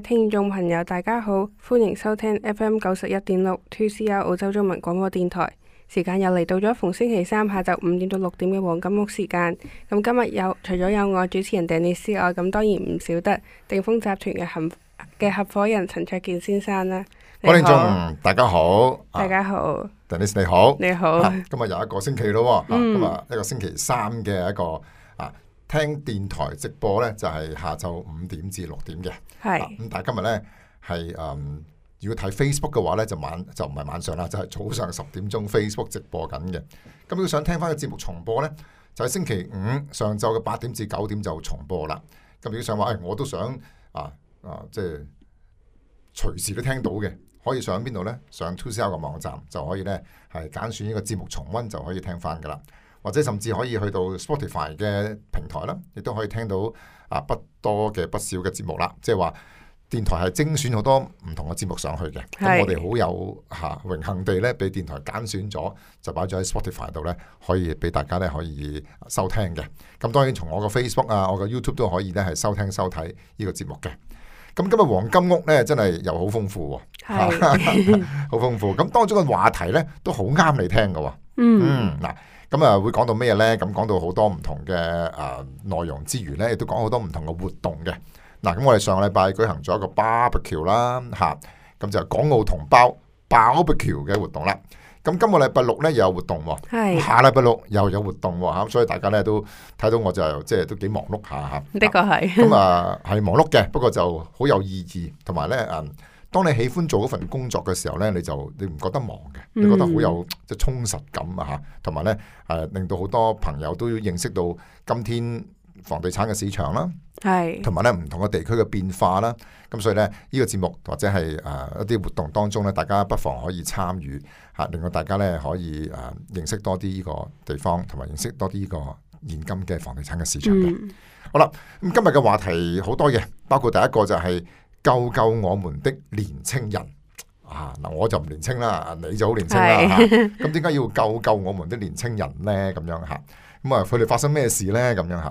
聽眾朋友，大家好，歡迎收聽 FM 九十一點六 2CR 澳洲中文廣播電台。時間又嚟到咗逢星期三下晝五點到六點嘅黃金屋時間。咁今日有除咗有我主持人鄧女士外，咁當然唔少得鼎豐集團嘅合嘅合夥人陳焯楗先生啦。各位聽眾，大家好。大家好。鄧女士你好。你好。啊、今日又一個星期咯，嗯啊、今日一個星期三嘅一個。聽電台直播呢，就係、是、下晝五點至六點嘅，係咁是、啊、但係今日呢，係誒、呃，如果睇 Facebook 嘅話呢，就晚就唔係晚上啦，就係、是、早上十點鐘 Facebook 直播緊嘅。咁、嗯、如果想聽翻個節目重播呢，就係、是、星期五上晝嘅八點至九點就重播啦。咁、嗯、如果想話誒、哎、我都想啊啊即係隨時都聽到嘅，可以上邊度呢？上 2CR 嘅網站就可以呢，係揀選呢個節目重温就可以聽翻噶啦。或者甚至可以去到 Spotify 嘅平台啦，亦都可以聽到啊不多嘅不少嘅節目啦。即係話電台係精選好多唔同嘅節目上去嘅，咁是我哋好有嚇榮幸地咧，俾電台揀選咗，就擺咗喺 Spotify 度咧，可以俾大家咧可以收聽嘅。咁當然從我個 Facebook 啊，我個 YouTube 都可以咧係收聽收睇呢個節目嘅。咁今日黃金屋咧真係又好豐富喎，好豐富。咁是 當中嘅話題咧都好啱你聽嘅。嗯，嗱、嗯。咁啊，會講到咩呢？咁講到好多唔同嘅誒內容之餘呢，亦都講好多唔同嘅活動嘅。嗱，咁我哋上個禮拜舉行咗一個 BBQ 啦，嚇，咁就港澳同胞 BBQ 嘅活動啦。咁今個禮拜六呢，又有活動喎，下禮拜六又有活動喎，咁所以大家呢，都睇到我就即係都幾忙碌下嚇。的確係。咁啊，係忙碌嘅，不過就好有意義，同埋呢。誒。當你喜歡做嗰份工作嘅時候呢，你就你唔覺得忙嘅，你覺得好有即充實感啊吓，同埋、嗯、呢，誒、呃、令到好多朋友都要認識到今天房地產嘅市場啦，係是 同埋呢唔同嘅地區嘅變化啦。咁所以呢，呢、這個節目或者係誒、呃、一啲活動當中呢，大家不妨可以參與吓，令到大家呢可以誒、呃、認識多啲呢個地方，同埋認識多啲呢個現今嘅房地產嘅市場嘅。嗯、好啦，咁今日嘅話題好多嘅，包括第一個就係、是。救救我們的年青人啊！嗱，我就唔年青啦，你就好年青啦。咁點解要救救我們的年青人咧？咁樣吓，咁啊，佢哋發生咩事咧？咁樣吓，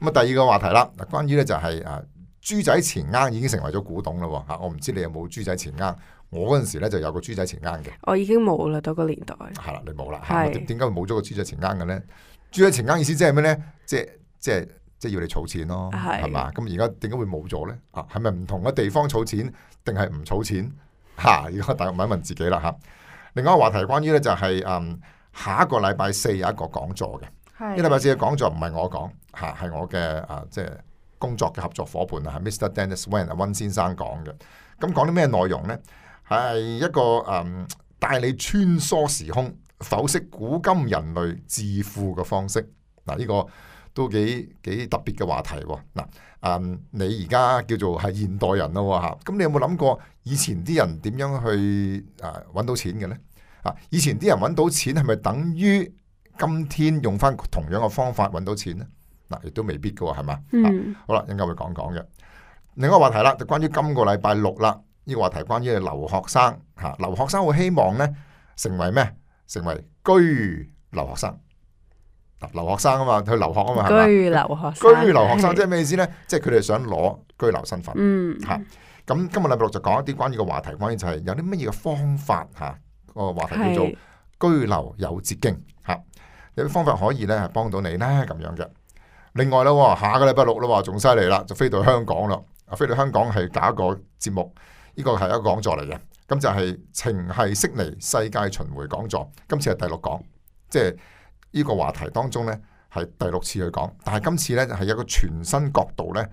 咁啊，第二個話題啦，嗱、啊，關於咧就係、是、啊，豬仔錢罌已經成為咗古董咯。吓、啊，我唔知你有冇豬仔錢罌，我嗰陣時咧就有個豬仔錢罌嘅。我已經冇啦，到個年代係啦，你冇啦。係點解會冇咗個豬仔錢罌嘅咧？豬仔錢罌意思即係咩咧？即即。即係要你儲錢咯，係嘛是？咁而家點解會冇咗咧？啊，係咪唔同嘅地方儲錢，定係唔儲錢？吓、啊，而家大家問一問自己啦，吓、啊。另外一個話題關於咧就係、是、誒、嗯，下一個禮拜四有一個講座嘅，係的。禮拜四嘅講座唔係我講，吓、啊、係我嘅誒，即、啊、係、就是、工作嘅合作夥伴啊，Mr. Dennis Wen 啊溫先生講嘅。咁講啲咩內容咧？係一個誒，帶、嗯、你穿梭時空，剖析古今人類置富嘅方式。嗱、啊，呢、這個。都幾幾特別嘅話題喎、哦、嗱，誒、嗯，你而家叫做係現代人咯喎吓，咁你有冇諗過以前啲人點樣去誒揾、啊、到錢嘅呢？啊，以前啲人揾到錢係咪等於今天用翻同樣嘅方法揾到錢呢？嗱、啊，亦都未必噶喎、哦，係嘛？嗯，啊、好啦，應該會講講嘅。另一個話題啦，就關於今個禮拜六啦，呢、這個話題關於留學生吓、啊，留學生會希望呢成為咩？成為居留學生。留學生啊嘛，去留學啊嘛，係嘛？居留學生，吧居留學生是即係咩意思呢？即係佢哋想攞居留身份，吓咁、嗯。今日禮拜六就講一啲關於個話題，關於就係有啲乜嘢嘅方法嚇、啊，個話題叫做居留有捷徑嚇是，有啲方法可以呢咧幫到你呢，咁樣嘅。另外咧，下個禮拜六咧話仲犀利啦，就飛到香港咯，飛到香港係搞一個節目，呢、呢個係一個講座嚟嘅。咁就係情繫悉尼世界巡迴講座，今次係第六講，即係。呢個話題當中呢，係第六次去講，但係今次呢，係一個全新角度呢，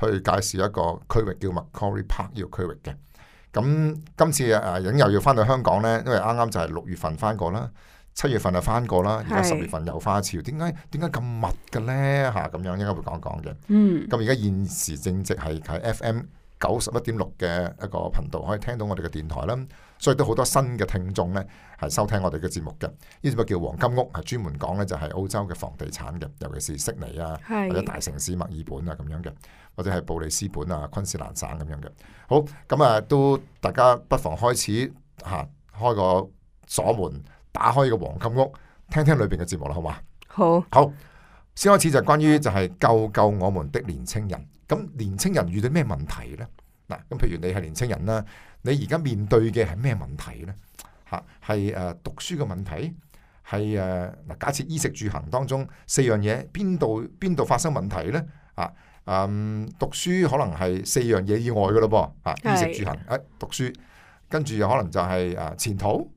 去介紹一個區域叫 Macquarie Park 呢個區域嘅。咁今次啊影、呃、又要翻到香港呢，因為啱啱就係六月份翻過啦，七月份就翻過啦，而家十月份又翻一次，點解點解咁密嘅呢？嚇、啊、咁樣應該會講講嘅。嗯。咁而家現時正值係喺 FM 九十一點六嘅一個頻道，可以聽到我哋嘅電台啦。所以都好多新嘅聽眾呢，係收聽我哋嘅節目嘅。呢個叫黃金屋，係專門講呢就係、是、澳洲嘅房地產嘅，尤其是悉尼啊或者大城市墨爾本啊咁樣嘅，或者係布里斯本啊、昆士蘭省咁樣嘅。好，咁啊都大家不妨開始吓、啊、開個鎖門，打開個黃金屋，聽聽裏邊嘅節目啦，好嘛？好，好，先開始就係關於就係救救我們的年青人。咁年青人遇到咩問題呢？嗱，咁譬如你係年青人啦，你而家面對嘅係咩問題咧？吓，係、啊、誒讀書嘅問題，係誒嗱，假設衣食住行當中四樣嘢邊度邊度發生問題咧？啊，嗯，讀書可能係四樣嘢以外嘅咯噃，啊，是衣食住行，誒、啊，讀書，跟住可能就係誒前途，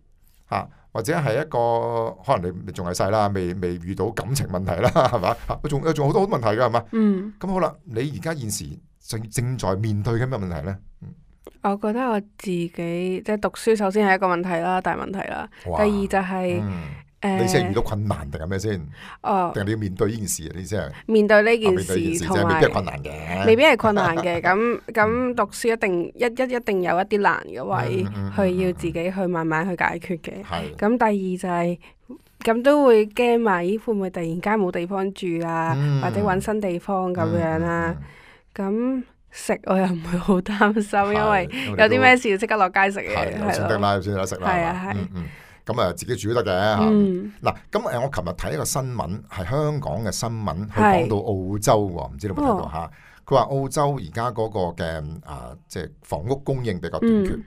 吓、啊，或者係一個可能你你仲係細啦，未未遇到感情問題啦，係嘛？吓、啊，仲有仲好多好多問題噶，係嘛？嗯，咁好啦，你而家現時。正正在面對緊咩問題咧？我覺得我自己即係讀書，首先係一個問題啦，大問題啦。第二就係誒，你先遇到困難定係咩先？哦，定係你要面對呢件事啊？你先面對呢件事，同埋未必係困難嘅，未必係困難嘅。咁咁讀書一定一一一定有一啲難嘅位，去要自己去慢慢去解決嘅。係。咁第二就係咁都會驚啊！咦？會唔會突然間冇地方住啊？或者揾新地方咁樣啊？咁食我又唔會好擔心，因為有啲咩事要即刻落街食嘢，係咯，先得啦，先得食啦，係啊，係咁啊，自己煮得嘅吓。嗱，咁誒，我琴日睇一個新聞，係香港嘅新聞，佢講到澳洲喎，唔知你有冇睇到吓？佢話澳洲而家嗰個嘅啊，即係房屋供應比較短缺，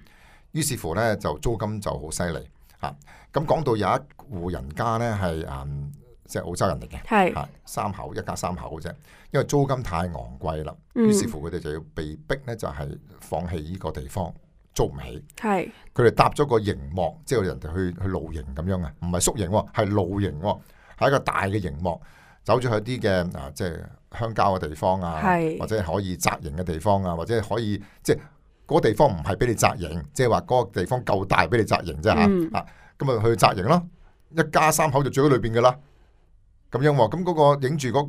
於是乎咧就租金就好犀利吓。咁講到有一戶人家咧係啊。即係澳洲人嚟嘅，係是三口一家三口嘅啫。因為租金太昂貴啦，嗯、於是乎佢哋就要被逼咧，就係、是、放棄依個地方租唔起。係佢哋搭咗個營幕，即、就、係、是、人哋去去露營咁樣啊，唔係宿營喎、喔，係露營喎、喔，係一個大嘅營幕，走咗去啲嘅啊，即係鄉郊嘅地方啊，是或者係可以紮營嘅地方啊，或者可以即係嗰個地方唔係俾你紮營，即係話嗰個地方夠大俾你紮營啫嚇啊。咁、嗯、啊去紮營咯，一家三口就住喺裏邊嘅啦。咁樣喎，咁嗰個影住嗰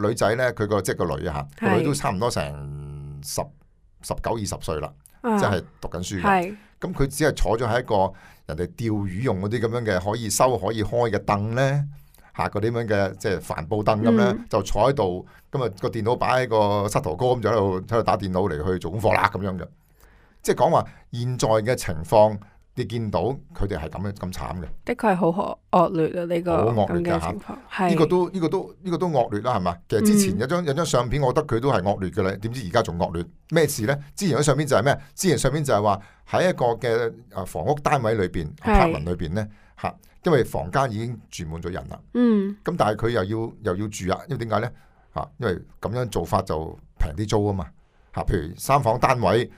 個女仔咧，佢個即係個女嚇，個是女都差唔多成十十九二十歲啦，即係、啊、讀緊書嘅。咁佢是只係坐咗喺一個人哋釣魚用嗰啲咁樣嘅可以收可以開嘅凳咧，嚇嗰啲咁樣嘅即係帆布凳咁咧，嗯、就坐喺度，咁、那、啊個電腦擺喺個膝頭哥咁，就喺度喺度打電腦嚟去做功課啦咁樣嘅，即係講話現在嘅情況。你見到佢哋係咁樣咁慘嘅，的確係好惡劣啊！呢、這個咁嘅情況，呢個都呢是個都呢、這個都惡、這個、劣啦，係嘛？其實之前有張、嗯、有張相片，我覺得佢都係惡劣嘅咧。點知而家仲惡劣？咩事咧？之前嗰相片就係咩？之前相片就係話喺一個嘅啊房屋單位裏邊，柏文裏邊咧嚇，因為房間已經住滿咗人啦。嗯。咁但係佢又要又要住啊？因為點解咧嚇？因為咁樣做法就平啲租啊嘛嚇。譬如三房單位。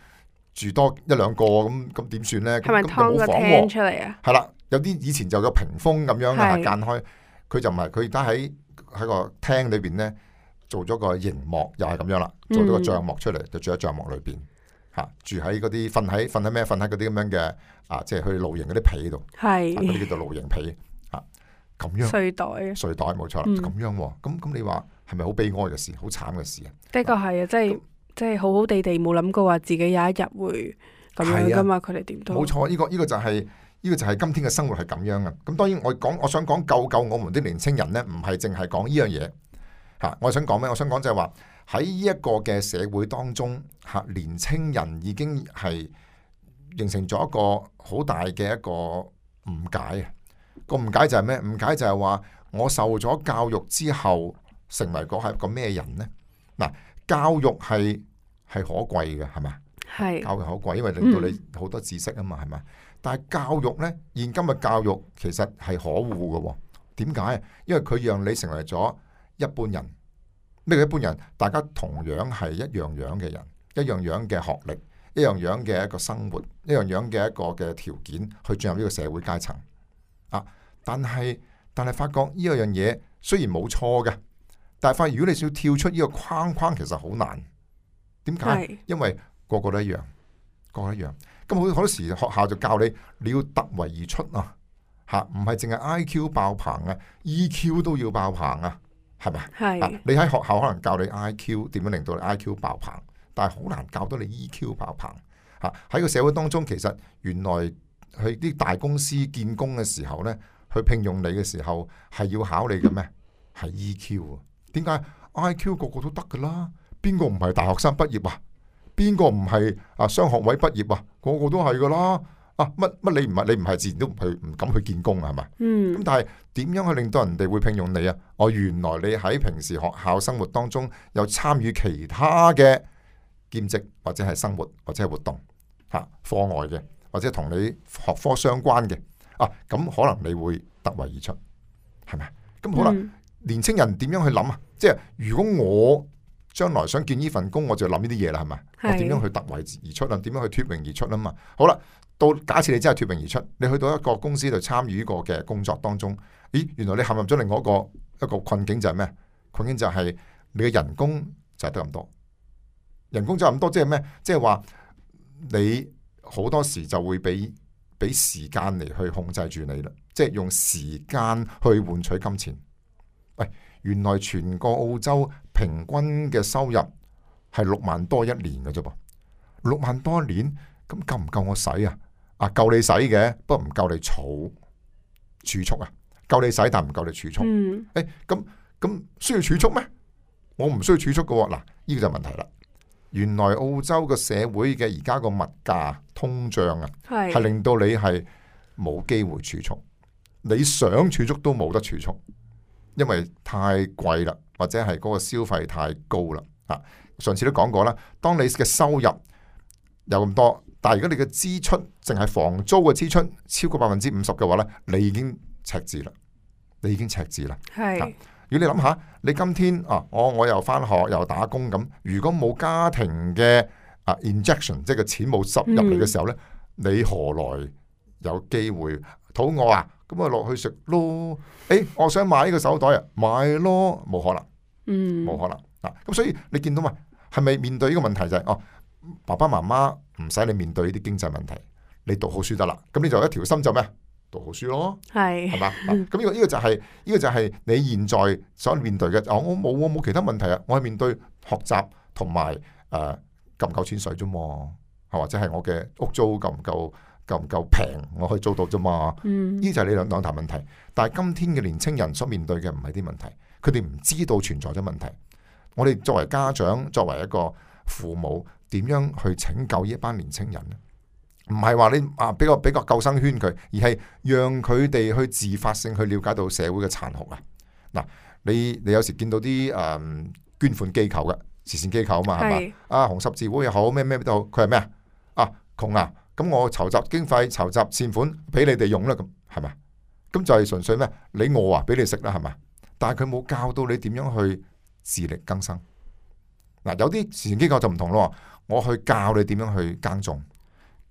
住多一兩個咁咁點算咧？咁冇房出嚟喎。係啦，有啲以前就有屏風咁樣嘅是的 間開，佢就唔係佢而家喺喺個廳裏邊咧做咗個熒幕，又係咁樣啦，做咗個，個帳幕出嚟，嗯、就住喺帳幕裏邊嚇。住喺嗰啲瞓喺瞓喺咩？瞓喺嗰啲咁樣嘅啊，即係去露營嗰啲被度，係嗰啲叫做露營被啊，咁樣睡袋，睡袋，睡袋冇錯，咁、嗯、樣喎、啊。咁咁你話係咪好悲哀嘅事？好慘嘅事啊！的確係啊，即係。即係好好地地冇諗過話自己有一日會咁樣噶嘛、啊？佢哋點都冇錯，呢個呢個就係呢個就係今天嘅生活係咁樣噶咁當然我講，我想講救救我們啲年青人呢，唔係淨係講呢樣嘢吓。我想講咩？我想講就係話喺呢一個嘅社會當中吓，年青人已經係形成咗一個好大嘅一個誤解啊！個誤解就係咩？誤解就係話我受咗教育之後，成為個係一個咩人呢？嗱。教育係係可貴嘅，係嘛？係是、嗯、教育可貴，因為令到你好多知識啊嘛，係嘛？但係教育呢，現今嘅教育其實係可惡嘅、哦。點解？因為佢讓你成為咗一般人。咩叫一般人？大家同樣係一樣樣嘅人，一樣樣嘅學歷，一樣樣嘅一個生活，一樣樣嘅一個嘅條件去進入呢個社會階層。啊！但係但係發覺呢樣嘢雖然冇錯嘅。但係發現，如果你要跳出呢個框框，其實好難。點解？是因為個個都一樣，個個一樣。咁好多時學校就教你，你要突圍而出啊！吓、啊，唔係淨係 I Q 爆棚啊，E Q 都要爆棚啊，係咪？係是、啊。你喺學校可能教你 I Q 點樣令到你 I Q 爆棚，但係好難教到你 E Q 爆棚。吓、啊，喺個社會當中，其實原來去啲大公司見工嘅時候呢，去聘用你嘅時候係要考你嘅咩？係 E Q 啊。點解 IQ 個個都得噶啦？邊個唔係大學生畢業啊？邊個唔係啊雙學位畢業啊？個個都係噶啦啊！乜乜你唔係，你唔係自然都唔去唔敢去見工係咪？嗯。咁但係點樣去令到人哋會聘用你啊？哦，原來你喺平時學校生活當中有參與其他嘅兼職或者係生活或者係活動吓課外嘅或者同你學科相關嘅啊，咁可能你會突圍而出係咪？咁好啦。嗯嗯年青人點樣去諗啊？即係如果我將來想見呢份工，我就諗呢啲嘢啦，係咪？是我點樣去突圍而出啊？點樣去脫穎而出啊？嘛，好啦，到假設你真係脫穎而出，你去到一個公司度參與呢個嘅工作當中，咦？原來你陷入咗另外一個一個困境就係咩？困境就係你嘅人工就係得咁多，人工就咁多，即係咩？即係話你好多時就會俾俾時間嚟去控制住你啦，即係用時間去換取金錢。喂，原來全個澳洲平均嘅收入係六萬多一年嘅啫噃，六萬多一年，咁夠唔夠我使啊？啊，夠你使嘅，不過唔夠你儲儲蓄啊，夠你使但唔夠你儲蓄。誒、嗯欸，咁咁需要儲蓄咩？我唔需要儲蓄嘅喎。嗱，呢、這個就問題啦。原來澳洲個社會嘅而家個物價通脹啊，係是令到你係冇機會儲蓄，你想儲蓄都冇得儲蓄。因為太貴啦，或者係嗰個消費太高啦。啊，上次都講過啦，當你嘅收入有咁多，但係如果你嘅支出淨係房租嘅支出超過百分之五十嘅話咧，你已經赤字啦，你已經赤字啦。係是。如果你諗下，你今天啊，我我又返學又打工咁，如果冇家庭嘅啊 injection，即係個錢冇塞入嚟嘅時候咧，嗯、你何來有機會肚餓啊？咁咪落去食咯！哎、欸，我想買呢個手袋啊，買咯，冇可能，嗯，冇可能啊！咁所以你見到咪係咪面對呢個問題就係、是、哦、啊，爸爸媽媽唔使你面對呢啲經濟問題，你讀好書得啦。咁你就一條心就咩？讀好書咯，係是，係、啊、嘛？咁呢個呢個就係、是、呢、這個就係你現在所面對嘅。哦、啊，我冇我冇其他問題啊，我係面對學習同埋誒夠唔夠錢水啫嘛，係或者係我嘅屋租夠唔夠？夠唔夠平，我可以做到啫嘛。嗯，呢就係你兩兩題問題。但係今天嘅年青人所面對嘅唔係啲問題，佢哋唔知道存在咗問題。我哋作為家長，作為一個父母，點樣去拯救呢一班年青人咧？唔係話你啊，俾個俾個救生圈佢，而係讓佢哋去自發性去了解到社會嘅殘酷啊！嗱，你你有時見到啲誒、嗯、捐款機構嘅慈善機構啊嘛，係嘛是啊紅十字會又好，咩咩都好，佢係咩啊？啊，窮啊！咁我籌集經費，籌集善款俾你哋用啦，咁係嘛？咁就係純粹咩？你餓啊，俾你食啦，係嘛？但係佢冇教到你點樣去自力更生。嗱、啊，有啲慈善機構就唔同咯，我去教你點樣去耕種，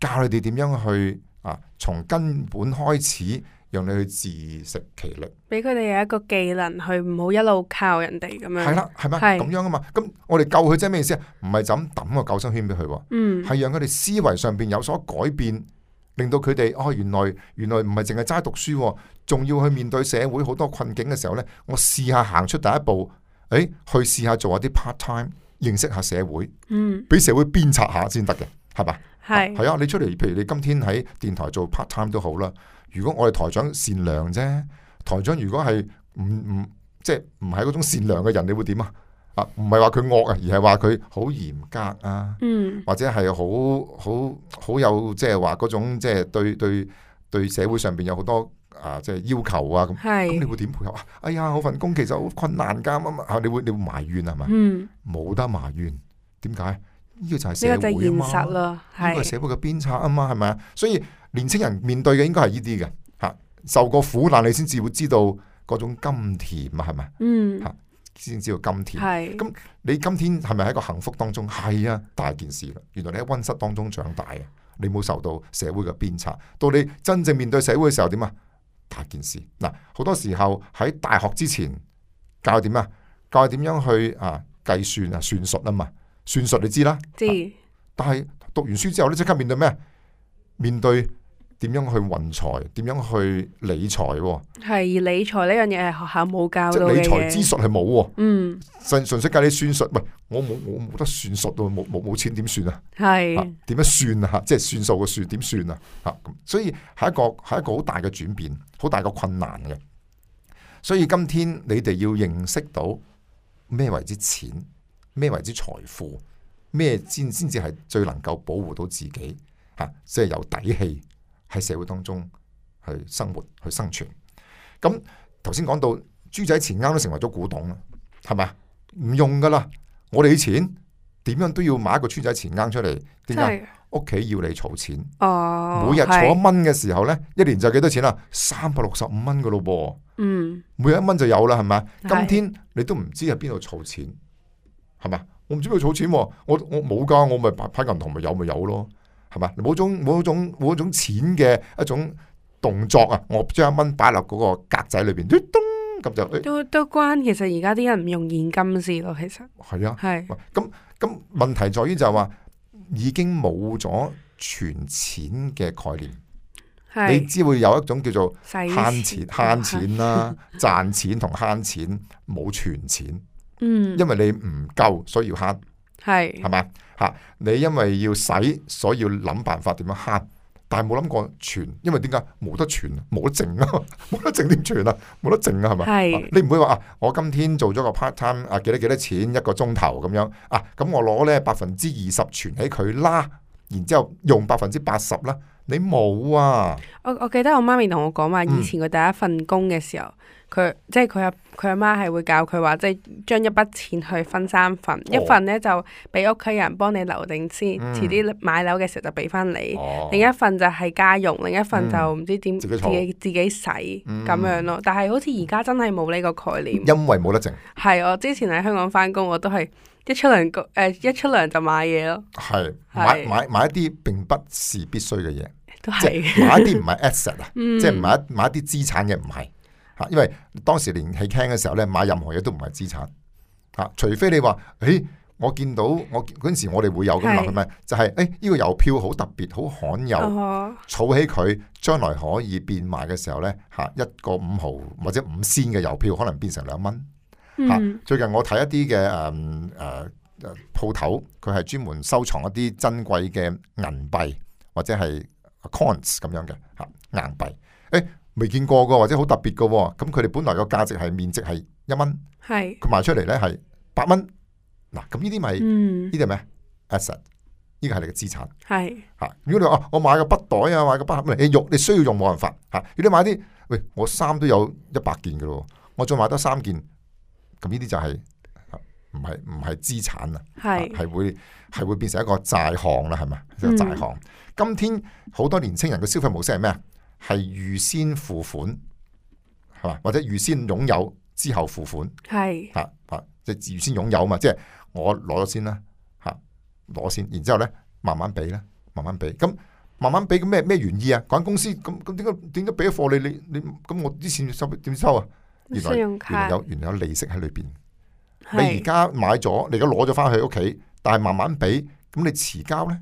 教你哋點樣去啊，從根本開始。讓你去自食其力，俾佢哋有一個技能去，唔好一路靠人哋咁樣。係啦，係咪？咁樣啊嘛。咁我哋救佢即係咩意思啊？唔係咁抌個救生圈俾佢。嗯，係讓佢哋思維上邊有所改變，令到佢哋哦，原來原來唔係淨係齋讀書，仲要去面對社會好多困境嘅時候咧，我試下行出第一步，誒、哎，去試下做下啲 part time，認識下社會。嗯，俾社會鞭策下先得嘅，係嘛？係係啊，你出嚟，譬如你今天喺電台做 part time 都好啦。如果我哋台長善良啫，台長如果係唔唔即係唔係嗰種善良嘅人，你會點啊？啊，唔係話佢惡啊，而係話佢好嚴格啊，嗯、或者係好好好有即係話嗰種即係對對對社會上面有好多啊即係要求啊咁。咁是你會點配合啊？哎呀，我份工其實好困難噶，咁啊你會你會埋怨係咪？嗯，冇得埋怨。點解？呢、呢個就係社會啊嘛。呢個，個社會嘅鞭策啊嘛，係咪啊？所以。年青人面對嘅應該係呢啲嘅嚇，受過苦難你先至會知道嗰種甘甜啊，係咪？嗯嚇，先知道甘甜。係咁是，你今天係咪喺一個幸福當中？係啊，大件事啦。原來你喺溫室當中長大啊，你冇受到社會嘅鞭策，到你真正面對社會嘅時候點啊？大件事嗱，好多時候喺大學之前教點啊，教點樣去啊計算啊算術啊嘛，算術你知啦。知道。但係讀完書之後咧，你即刻面對咩？面對。點樣去運財？點樣去理財，哦？係而理財呢樣嘢係學校冇教嘅，即係理財知識係冇。嗯，純粹教你算術。喂，我冇我冇得算術咯，冇冇冇錢點算啊？係點是、啊、樣算啊？即係算數嘅算點算啊？吓、啊、所以係一個係一個好大嘅轉變，好大嘅困難嘅。所以今天你哋要認識到咩為之錢，咩為之財富，咩先先至係最能夠保護到自己吓、啊，即係有底氣。喺社會當中去生活去生存，咁頭先講到豬仔錢罌都成為咗古董啦，係咪？唔用噶啦，我哋啲錢點樣都要買一個豬仔錢罌出嚟，點解屋企要你儲錢？哦，每日儲一蚊嘅時候咧，是一年就幾多錢啦？三百六十五蚊噶咯噃，嗯，每日一蚊就有啦，係咪是今天你都唔知喺邊度儲錢，係嘛？我唔知佢儲錢、啊，我我冇噶，我咪擺擺銀行咪有咪有咯。係嘛？冇種冇種冇種錢嘅一種動作啊！我將一蚊擺落嗰個格仔裏邊，嘟咚咁就都都關。其實而家啲人唔用現金事咯，其實係啊，係咁咁，問題在於就係話已經冇咗存錢嘅概念，是你只會有一種叫做慳錢慳錢，就是、錢啦，賺 錢同慳錢冇存錢。錢，嗯，因為你唔夠，所以要慳，係係嘛。你因為要使，所以要諗辦法點樣慳，但係冇諗過存，因為點解？冇得存，冇得剩啊！冇得剩點存啊？冇得剩啊？係咪？係是你唔會話啊？我今天做咗個 part time 啊，幾多幾多錢一個鐘頭咁樣啊？咁、啊、我攞呢百分之二十存喺佢啦，然之後用百分之八十啦。你冇啊？我我記得我媽咪同我講話，以前佢第一份工嘅時候。嗯佢即係佢阿佢阿媽係會教佢話，即係將一筆錢去分三份，一份咧就俾屋企人幫你留定先，遲啲買樓嘅時候就俾翻你；另一份就係家用，另一份就唔知點自己自己使咁樣咯。但係好似而家真係冇呢個概念，因為冇得剩。係我之前喺香港翻工，我都係一出糧局誒，一出糧就買嘢咯。係買買買一啲並不是必須嘅嘢，都係買一啲唔係 assets 啊，即係買一買一啲資產嘅唔係。因為當時年紀輕嘅時候咧，買任何嘢都唔係資產，吓、啊，除非你話，誒、欸，我見到我嗰陣時我哋會有咁話佢咩？就係誒呢個郵票好特別，好罕有，儲、uh huh. 起佢將來可以變賣嘅時候咧，吓一個五毫或者五仙嘅郵票可能變成兩蚊、mm. 啊。最近我睇一啲嘅誒誒鋪頭，佢係專門收藏一啲珍貴嘅銀幣或者係 coins 咁樣嘅吓硬幣，誒、欸。未見過噶，或者好特別噶，咁佢哋本來個價值係面值係一蚊，係佢是賣出嚟咧係八蚊，嗱咁呢啲咪呢啲係咩？Asset，呢個係你嘅資產，係吓是。如果你話哦，我買個筆袋啊，買個筆盒，你、欸、用你需要用冇辦法吓。如果你買啲，喂，我衫都有一百件噶咯，我再買多三件，咁呢啲就係唔係唔係資產啊？係係是會係會變成一個債項啦，係咪？一個債項。嗯、今天好多年青人嘅消費模式係咩啊？係預先付款係嘛，或者預先擁有之後付款係吓是啊，即係預先擁有嘛，即係我攞咗先啦吓、啊，攞、啊、先，然之後咧慢慢俾咧，慢慢俾，咁慢慢俾咩咩原意啊？講緊公司咁咁點解點解俾咗貨你你你咁我啲錢收點收啊？原來原來有原來有利息喺裏邊，是你而家買咗，你而家攞咗翻去屋企，但係慢慢俾，咁你遲交咧？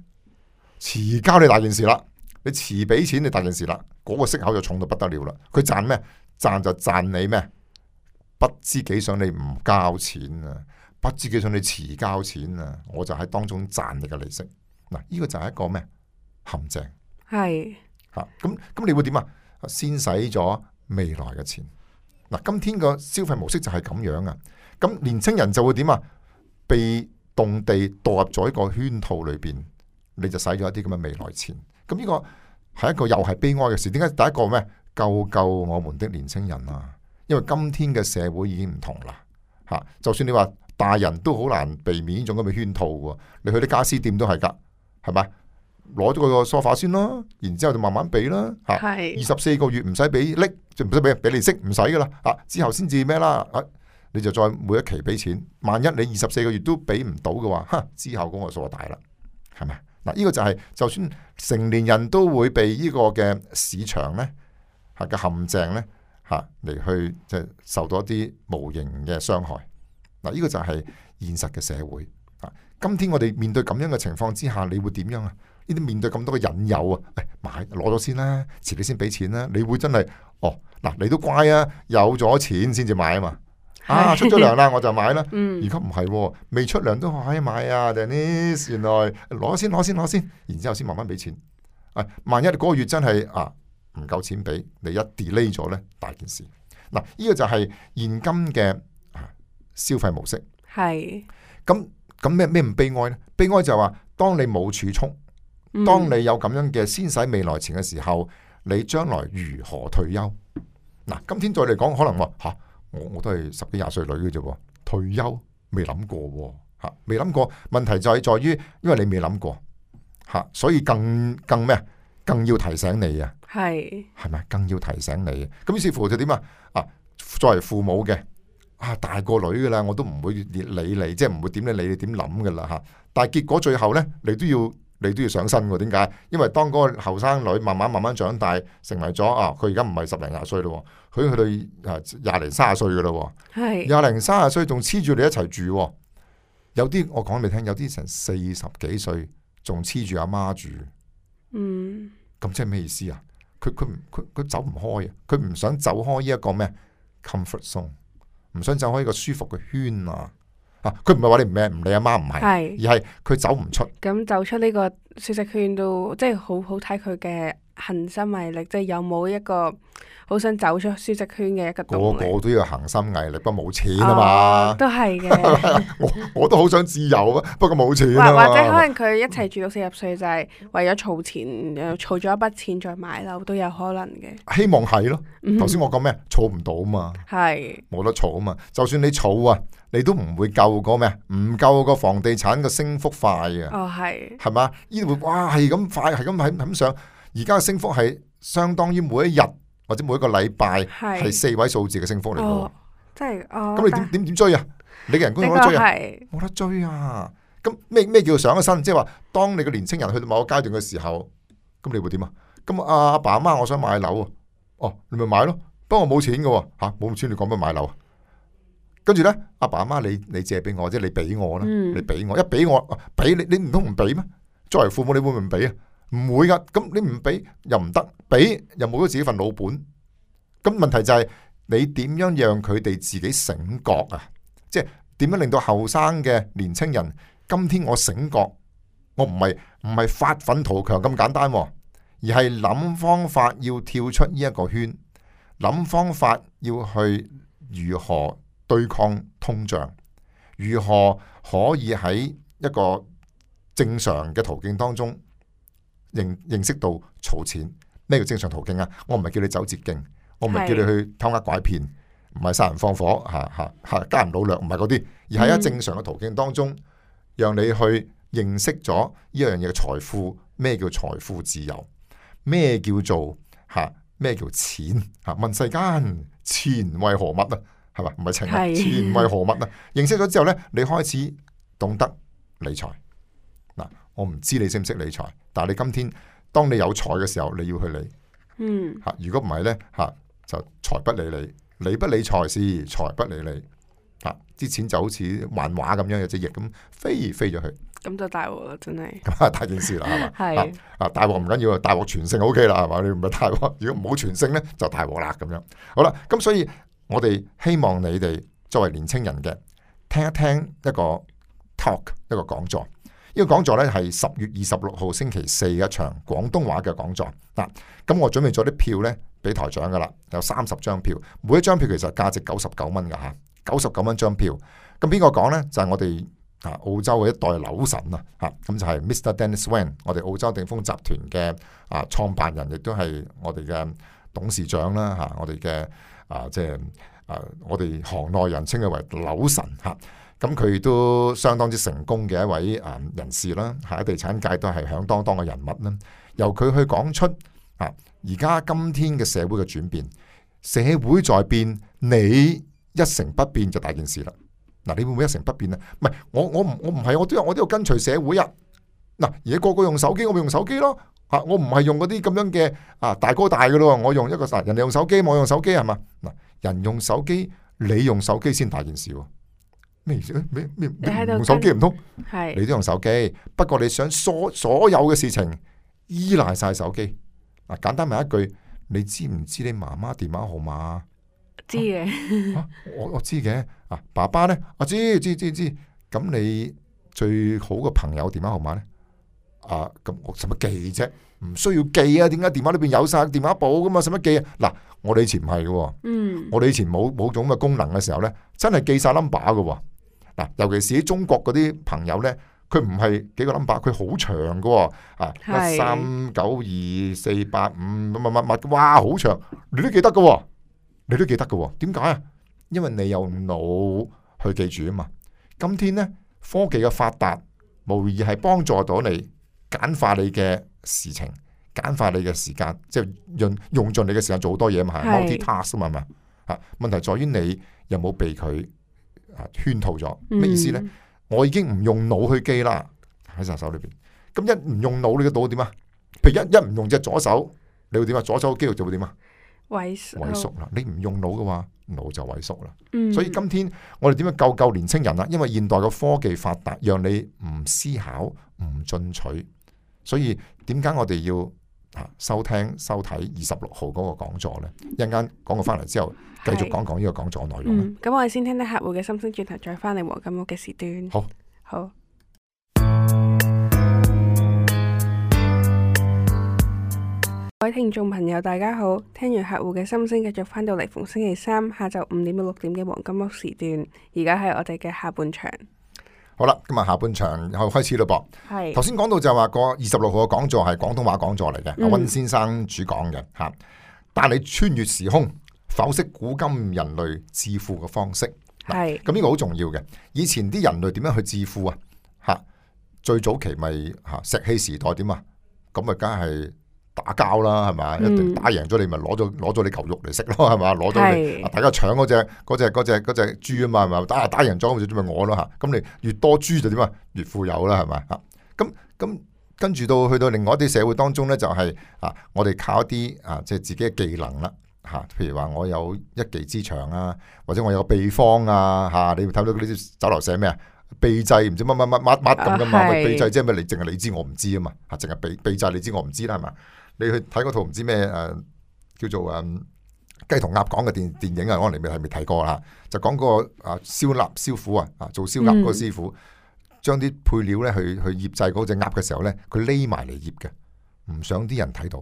遲交你大件事啦，你遲俾錢你大件事啦。嗰個息口就重到不得了啦！佢賺咩？賺就賺你咩？不知幾想你唔交錢啊！不知幾想你遲交錢啊！我就喺當中賺你嘅利息。嗱、啊，呢、這個就係一個咩陷阱？係嚇咁咁，啊、那那你會點啊？先使咗未來嘅錢。嗱、啊，今天個消費模式就係咁樣啊！咁年青人就會點啊？被動地墮入咗一個圈套裏邊，你就使咗一啲咁嘅未來錢。咁呢、這個。係一個又係悲哀嘅事，點解？第一個咩？救救我們的年青人啊！因為今天嘅社會已經唔同啦，吓、啊，就算你話大人都好難避免呢種咁嘅圈套喎。你去啲家私店都係噶，係咪？攞咗個梳化先咯，然之後就慢慢俾啦，吓、啊。二十四個月唔使俾拎，就唔使俾俾利息，唔使噶啦，吓、啊、之後先至咩啦？吓、啊，你就再每一期俾錢，萬一你二十四個月都俾唔到嘅話，吓、啊、之後個數就大啦，係咪？嗱，呢個就係，就算成年人都會被呢個嘅市場呢係個陷阱呢吓，嚟去即係受到一啲無形嘅傷害。嗱，呢個就係現實嘅社會。啊，今天我哋面對咁樣嘅情況之下，你會點樣啊？呢啲面對咁多嘅引誘啊，哎，買攞咗先啦，遲啲先俾錢啦，你會真係，哦，嗱，你都乖啊，有咗錢先至買啊嘛。啊，出咗糧啦，我就買啦。而家唔係，未出糧都可以、哎、買啊。定呢？原來攞先，攞先，攞先，然之後先慢慢俾錢。誒，萬一嗰個月真係啊唔夠錢俾，你一 delay 咗咧，大件事。嗱、啊，呢、這個就係現今嘅消費模式。係是。咁咁咩咩唔悲哀呢？悲哀就係話，當你冇儲蓄，嗯、當你有咁樣嘅先使未來錢嘅時候，你將來如何退休？嗱、啊，今天再嚟講，可能話吓。啊我我都係十幾廿歲女嘅啫，退休未諗過吓，未諗過。問題就係在於，因為你未諗過吓，所以更更咩啊？更要提醒你啊！係係咪？更要提醒你。咁於是，是，是乎就點啊？啊，作為父母嘅啊，大個女噶啦，我都唔會理你，即係唔會點樣理你點諗噶啦吓。但係結果最後咧，你都要。你都要上身喎？點解？因為當嗰個後生女慢慢慢慢長大，成為咗啊，佢而家唔係十零廿歲咯，佢去到廿零卅歲嘅咯，廿零卅歲仲黐住你一齊住。有啲我講俾你聽，有啲成四十幾歲仲黐住阿媽住。嗯。咁即係咩意思啊？佢佢佢佢走唔開啊！佢唔想走開呢一個咩 comfort zone，唔想走開呢個舒服嘅圈啊！啊！佢唔係話你唔咩唔理阿媽唔係，係是而係佢走唔出。咁走出呢個舒適圈度，即係好好睇佢嘅恆心毅力，即係有冇一個好想走出舒適圈嘅一個。個個都要恆心毅力，不過冇錢啊嘛。哦、都係嘅。 我我都好想自由啊，不過冇錢或，或者可能佢一齊住到四十歲，就係為咗儲錢，儲咗、嗯呃、一筆錢再買樓都有可能嘅。希望係咯。頭先我講咩？儲唔到啊嘛。係是。冇得儲啊嘛！就算你儲啊。你都唔會夠個咩？唔夠個房地產嘅升幅快嘅，哦係，係嘛？依度哇，係咁快，係咁喺咁上。而家嘅升幅係相當於每一日或者每一個禮拜係四位數字嘅升幅嚟嘅，真係、哦。咁、哦、你點點點追啊？你嘅人工有得追啊？冇得追啊！咁咩咩叫上身？即係話，當你個年青人去到某個階段嘅時候，咁你會點啊？咁阿阿爸阿媽，我想買樓啊！哦，你咪買咯。不過我冇錢嘅，吓冇錢你講咩買樓啊？啊跟住呢，阿爸阿媽，你你借俾我即係，你俾我啦，你俾我一俾我，俾你你唔通唔俾咩？作為父母，你會唔會唔俾啊？唔會噶，咁你唔俾又唔得，俾又冇咗自己份老本。咁問題就係你點樣讓佢哋自己醒覺啊？即係點樣令到後生嘅年青人，今天我醒覺，我唔係唔係發奮圖強咁簡單，而係諗方法要跳出呢一個圈，諗方法要去如何。對抗通脹，如何可以喺一個正常嘅途徑當中認認識到儲錢？咩叫正常途徑啊？我唔係叫你走捷徑，我唔係叫你去偷呃拐騙，唔係殺人放火，吓吓吓，奸淫擄掠，唔係嗰啲，而喺一正常嘅途徑當中，嗯、讓你去認識咗呢樣嘢財富，咩叫財富自由？咩叫做吓？咩叫錢？吓？問世間錢為何物啊？係嘛？唔係情錢為是何物啊？認識咗之後咧，你開始懂得理財。嗱，我唔知你識唔識理財，但係你今天當你有財嘅時候，你要去理。嗯。吓，如果唔係咧，吓就財不理你，理不理財是財不理你。吓，啲錢就好似幻畫咁樣有隻翼，有隻翼咁飛而飛咗去。咁就大鑊啦，真係。咁啊 是，大件事啦，OK，係嘛。係。啊，大鑊唔緊要啊，大鑊全勝 OK 啦，係嘛？你唔係大鑊，如果冇全勝咧，就大鑊啦，咁樣。好啦，咁所以。我哋希望你哋作為年青人嘅聽一聽一個 talk 一個講座，呢、這個講座呢係十月二十六號星期四嘅場廣東話嘅講座。嗱，咁我準備咗啲票呢俾台長噶啦，有三十張票，每一張票其實價值九十九蚊噶吓，九十九蚊張票。咁邊個講呢？就係、是、我哋啊澳洲嘅一代柳神啦，吓咁就係 Mr. Dennis Wang，我哋澳洲鼎豐集團嘅啊創辦人，亦都係我哋嘅董事長啦，吓我哋嘅。啊，即、就、係、是、啊，我哋行內人稱佢為柳神哈，咁佢、啊、都相當之成功嘅一位啊人士啦，喺、啊、地產界都係響當當嘅人物啦。由佢去講出啊，而家今天嘅社會嘅轉變，社會在變，你一成不變就大件事啦。嗱、啊，你會唔會一成不變啊？唔係，我我唔我唔係，我都有我都有跟隨社會啊。嗱、啊，而家個個用手機，我咪用手機咯。啊！我唔係用嗰啲咁樣嘅啊大哥大嘅咯，我用一個、啊、人哋用手機，我用手機係嘛。嗱人用手機，你用手機先大件事喎，咩意思咩咩？用手機唔通？係，你都用手機，不過你想所有所有嘅事情依賴晒手機嗱、啊。簡單問一句，你知唔知你媽媽電話號碼？知嘅、啊啊。我我知嘅啊，爸爸咧，我知知知知。咁你最好嘅朋友電話號碼咧？啊咁，我使乜記啫？唔需要記啊！點解電話裏邊有晒電話簿噶嘛？使乜記啊？嗱、啊，我哋以前唔係㗎，嗯、我哋以前冇冇種嘅功能嘅時候咧，真係記晒 number 㗎。嗱、啊，尤其是喺中國嗰啲朋友咧，佢唔係幾個 number，佢好長㗎、啊。啊，三九二四八五乜乜乜乜，3, 9, 2, 4, 8, 5, 哇，好長！你都記得㗎、啊，你都記得㗎、啊。點解啊？因為你有腦去記住啊嘛。今天咧，科技嘅發達，無疑係幫助到你。簡化你嘅事情，簡化你嘅時間，即係用用盡你嘅時間做好多嘢嘛是，multi task 嘛嘛，啊問題在於你有冇被佢啊圈套咗？咩、嗯、意思咧？我已經唔用腦去記啦，喺手手裏邊，咁一唔用腦你嘅腦點啊？譬如一一唔用隻左手，你會點啊？左手嘅肌肉就會點啊？萎縮縮萎縮啦！你唔用腦嘅話，腦就萎縮啦。嗯、所以今天我哋點樣救救年青人啊？因為現代嘅科技發達，讓你唔思考、唔進取。所以點解我哋要收聽收睇二十六號嗰個講座呢？一陣間講過翻嚟之後，繼續講講呢個講座內容。咁、嗯、我哋先聽聽客戶嘅心聲，轉頭再翻嚟黃金屋嘅時段。好，好。各位聽眾朋友，大家好！聽完客戶嘅心聲，繼續翻到嚟逢星期三下晝五點到六點嘅黃金屋時段，而家係我哋嘅下半場。好啦，今日下半場又開始嘞。噃是。係，頭先講到就話個二十六號嘅講座係廣東話講座嚟嘅，阿溫、嗯、先生主講嘅吓。帶你穿越時空，剖析古今人類致富嘅方式，嗱是，咁呢個好重要嘅。以前啲人類點樣去致富啊？吓，最早期咪吓石器時代點啊？咁啊，梗係。打交啦，係嘛？一定打贏咗，你咪攞咗攞咗你嚿肉嚟食咯，係嘛？攞咗你，是大家搶嗰隻嗰隻嗰隻嗰隻豬啊嘛，係咪？打打贏咗咪就咪我咯吓，咁你越多豬就點啊？越富有啦，係咪？吓，咁咁跟住到去到另外一啲社會當中咧，就係啊，我哋靠一啲啊，即係自己嘅技能啦吓，譬如話我有一技之長啊，或者我有秘方啊吓，你會睇到嗰啲酒樓寫咩啊？秘製唔知乜乜乜乜乜咁噶嘛？啊，秘製即係咩？你淨係你知我唔知啊嘛？吓，淨係秘秘製你知我唔知啦，係嘛？你去睇嗰套唔知咩，誒、嗯、叫做誒雞、嗯、同鴨講嘅電電影啊，可能你未係未睇過啦，就講，嗰個啊燒臘燒虎啊，燒燒虎啊，做燒鴨嗰個師傅，將啲、嗯、配料咧，去去醃製嗰隻鴨嘅時候咧，佢匿埋嚟醃嘅，唔想啲人睇到，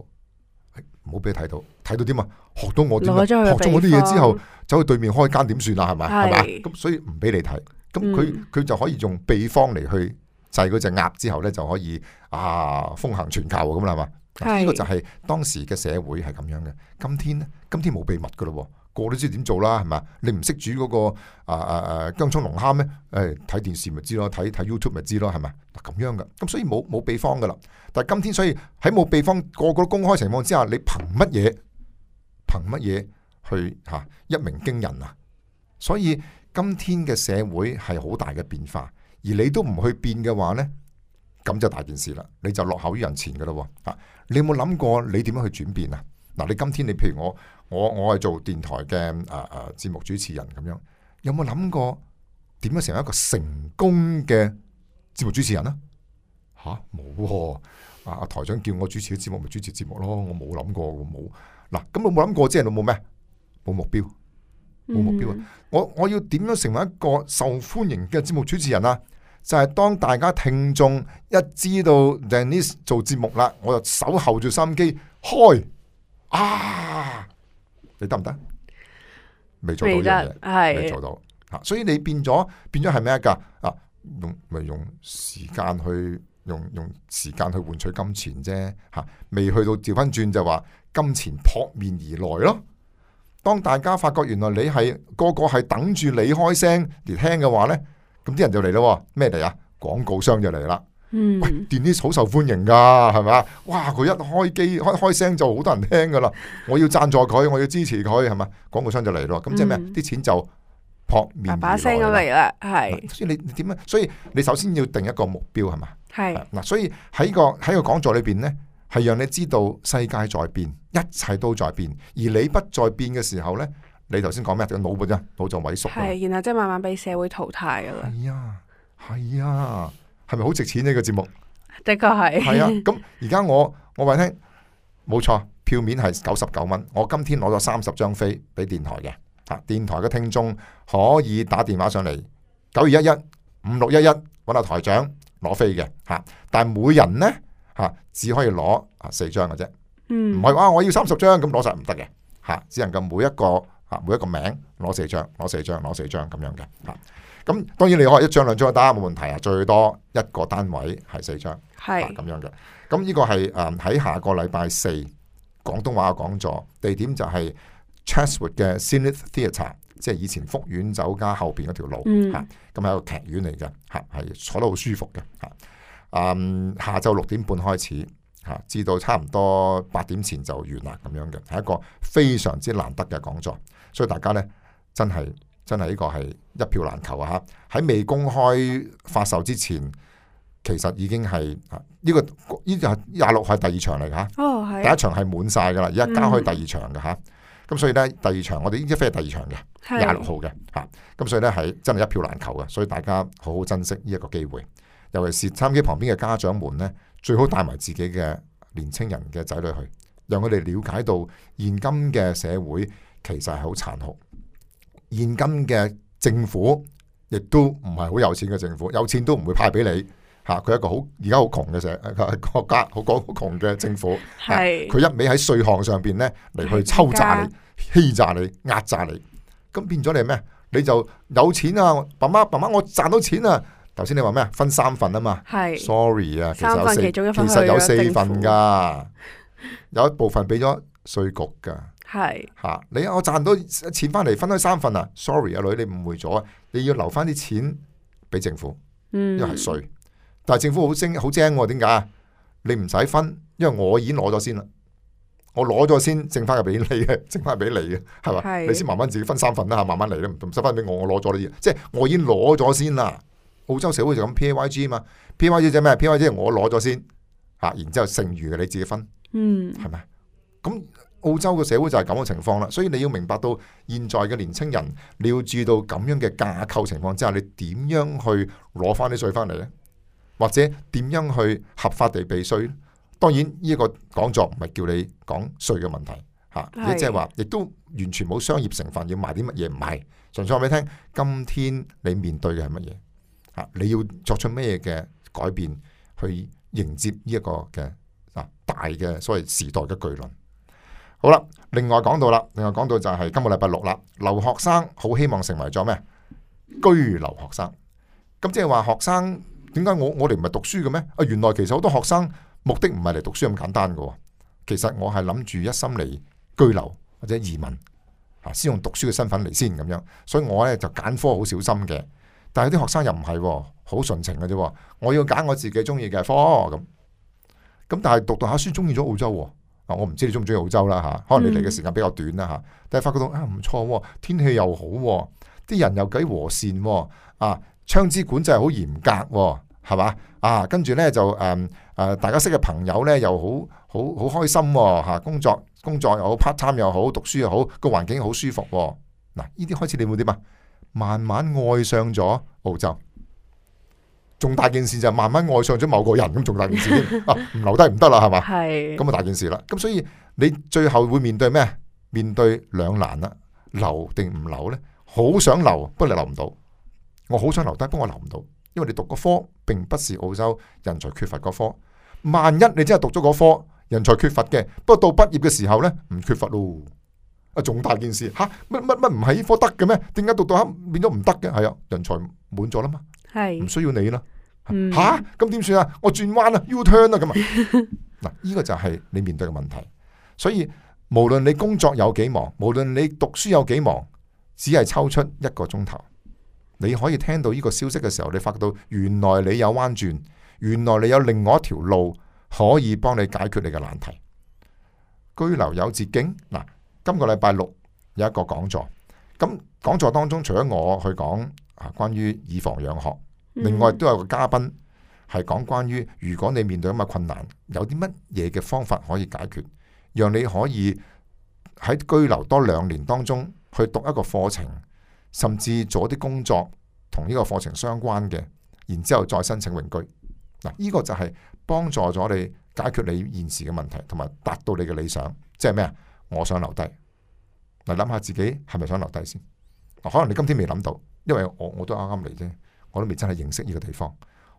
唔好俾佢睇到，睇到點啊？學到我，啲學中我啲嘢之後，走去對面開間點算啦？係咪是？係嘛？咁所以唔俾你睇，咁佢佢就可以用秘方嚟去製嗰隻鴨之後咧，就可以啊風行全球咁啦嘛。呢個就係當時嘅社會係咁樣嘅。今天呢，今天冇秘密噶咯喎，個個都知點做啦，係嘛？你唔識煮嗰、那個啊啊薑葱龍蝦咩？誒、哎、睇電視咪知咯，睇睇 YouTube 咪知咯，係咪？嗱咁樣嘅，咁所以冇冇秘方噶啦。但係今天所以喺冇秘方、個個都公開情況之下，你憑乜嘢？憑乜嘢去嚇、啊、一鳴驚人啊？所以今天嘅社會係好大嘅變化，而你都唔去變嘅話呢。咁就大件事啦，你就落後於人前噶啦喎！啊，你有冇諗過你點樣去轉變啊？嗱，你今天你譬如我，我我係做電台嘅啊節目主持人咁樣，有冇諗過點樣成為一個成功嘅節目主持人啊？吓冇啊！阿台長叫我主持啲節目咪主持節目咯，我冇諗過，我冇嗱，咁我冇諗過即係有冇咩，冇目標，冇目標啊、嗯！我我要點樣成為一個受歡迎嘅節目主持人啊？就係當大家聽眾一知道 Denise 做節目啦，我就守候住心機開啊，你得唔得？未做到嘅係未做到，吓是所以你變咗變咗係咩噶？啊，咪用，用時間去用用時間去換取金錢啫，吓、啊、未去到調翻轉就話金錢撲面而來咯。當大家發覺原來你係個個係等住你開聲嚟聽嘅話咧。咁啲人就嚟咯，咩嚟啊？廣告商就嚟啦。嗯、喂，電呢好受歡迎噶，係咪？哇！佢一開機，開開聲就好多人聽噶啦。我要贊助佢，我要支持佢，係嘛？廣告商就嚟咯。咁即係咩？啲錢就撲面把聲咁嚟啦。係。所以你你點啊？所以你首先要定一個目標，係嘛？係是。嗱，所以喺個喺個講座裏邊咧，係讓你知道世界在變，一切都在變，而你不在變嘅時候咧。你頭先講咩？就腦部啫，腦就萎縮。係，然後即係慢慢俾社會淘汰噶啦。係啊，係啊，係咪好值錢呢、這個節目？的確係。係啊，咁而家我我話你聽，冇錯，票面係九十九蚊。我今天攞咗三十張飛俾電台嘅。吓、啊，電台嘅聽眾可以打電話上嚟九二一一五六一一搵下台長攞飛嘅，吓、啊。但係每人呢吓、啊、只可以攞啊四張嘅啫，唔係話我要三十張咁攞晒唔得嘅，吓、啊，只能夠每一個。啊！每一個名攞四張，攞四張，攞四張咁樣嘅。啊，咁當然你可以一張兩張得，冇問題啊。最多一個單位係四張，係咁是樣嘅。咁呢個係誒喺下個禮拜四廣東話嘅講座，地點就係 Chatswood 嘅 Zenith Theatre，即係以前福苑酒家後邊嗰條路。嗯。咁係一個劇院嚟嘅，嚇係坐得好舒服嘅。嚇、嗯，誒下晝六點半開始，嚇至到差唔多八點前就完啦咁樣嘅，係一個非常之難得嘅講座。所以大家呢，真係真係呢個係一票難求啊！哈，喺未公開發售之前，其實已經係呢、這個呢日廿六係第二場嚟嘅吓，哦、第一場係滿晒噶啦，而家加開第二場嘅吓。咁、嗯、所以呢，第二場我哋已一飛係第二場嘅廿六號嘅吓。咁所以呢，係真係一票難求嘅，所以大家好好珍惜呢一個機會。尤其是參加旁邊嘅家長們呢，最好帶埋自己嘅年青人嘅仔女去，讓佢哋了解到現今嘅社會。其實係好殘酷，現今嘅政府亦都唔係好有錢嘅政府，有錢都唔會派俾你吓。佢係一個好而家好窮嘅社國家，好窮嘅政府，佢是、啊、一味喺稅項上邊咧嚟去抽榨你、在欺詐你、壓榨你，咁變咗你係咩？你就有錢啊，爸媽，爸媽，我賺到錢啦、啊！頭先你話咩？分三份啊嘛是，sorry 啊，其實有四其中一份其實有四份噶，政府 有一部分俾咗稅局噶。係吓是你我賺多錢翻嚟分開三份啊！sorry 啊，女你誤會咗，啊。你要留翻啲錢俾政府，因為係稅。嗯、但係政府好精好精，點解啊？你唔使分，因為我已經攞咗先啦。我攞咗先，剩翻嘅俾你嘅，剩翻俾你嘅，係嘛？是你先慢慢自己分三份啦，慢慢嚟啦，唔使分俾我，我攞咗啲嘢，即係我已經攞咗先啦。澳洲社會就咁 P A Y G 嘛，P、A、Y G 就咩？P、A、Y G 我攞咗先，吓，然之後剩餘嘅你自己分，嗯，係咪？咁。澳洲嘅社會就係咁嘅情況啦，所以你要明白到現在嘅年青人，你要注到咁樣嘅架構情況之下，你點樣去攞翻啲稅翻嚟呢？或者點樣去合法地避稅？當然呢個講座唔係叫你講稅嘅問題，嚇，亦即係話，亦都完全冇商業成分，要賣啲乜嘢唔係。純粹話俾你聽，今天你面對嘅係乜嘢？嚇，你要作出咩嘅改變去迎接呢一個嘅大嘅所謂時代嘅巨輪？好啦，另外講到啦，另外講到就係今個禮拜六啦，留學生好希望成為咗咩居留學生？咁即係話學生點解我我哋唔係讀書嘅咩？啊，原來其實好多學生目的唔係嚟讀書咁簡單嘅，其實我係諗住一心嚟居留或者移民啊，先用讀書嘅身份嚟先咁樣。所以我咧就揀科好小心嘅，但係有啲學生又唔係好純情嘅啫，我要揀我自己中意嘅科咁。咁但係讀到下書，中意咗澳洲。我唔知你中唔中意澳洲啦，吓，可能你嚟嘅時間比較短啦，吓，嗯、但係發覺到啊，唔錯，天氣又好，啲人又幾和善，啊，槍支管制好嚴格，係嘛？啊，跟住呢，就誒誒、嗯啊，大家識嘅朋友呢，又好好好開心吓、啊，工作工作又好，part time 又好，讀書又好，個環境好舒服。嗱、啊，呢啲開始你會點啊？慢慢愛上咗澳洲。重大件事就慢慢愛上咗某個人咁，重大件事 啊，唔留低唔得啦，係嘛？係咁啊，大件事啦。咁所以你最後會面對咩？面對兩難啦，留定唔留咧？好想留，不過你留唔到。我好想留低，不過我留唔到，因為你讀個科並不是澳洲人才缺乏嗰科。萬一你真係讀咗嗰科，人才缺乏嘅，不過到畢業嘅時候咧唔缺乏咯。啊，重大件事吓，乜乜乜唔係呢科得嘅咩？點解讀到下變咗唔得嘅？係啊，人才滿咗啦嘛。唔係需要你啦，吓，咁點算啊？我轉彎啦，U turn 啦咁啊！嗱，呢個就係你面對嘅問題。所以無論你工作有幾忙，無論你讀書有幾忙，只係抽出一個鐘頭，你可以聽到呢個消息嘅時候，你發覺到原來你有彎轉，原來你有另外一條路可以幫你解決你嘅難題。居留有捷徑嗱，今個禮拜六有一個講座，咁講座當中除咗我去講。啊！關於以房養學，另外都有個嘉賓係講關於如果你面對咁嘅困難，有啲乜嘢嘅方法可以解決，讓你可以喺居留多兩年當中去讀一個課程，甚至做啲工作同呢個課程相關嘅，然之後再申請永居嗱。呢、這個就係幫助咗你解決你現時嘅問題，同埋達到你嘅理想，即係咩啊？我想留低嚟諗下想想自己係咪想留低先？可能你今天未諗到。因為我我都啱啱嚟啫，我都未真係認識呢個地方，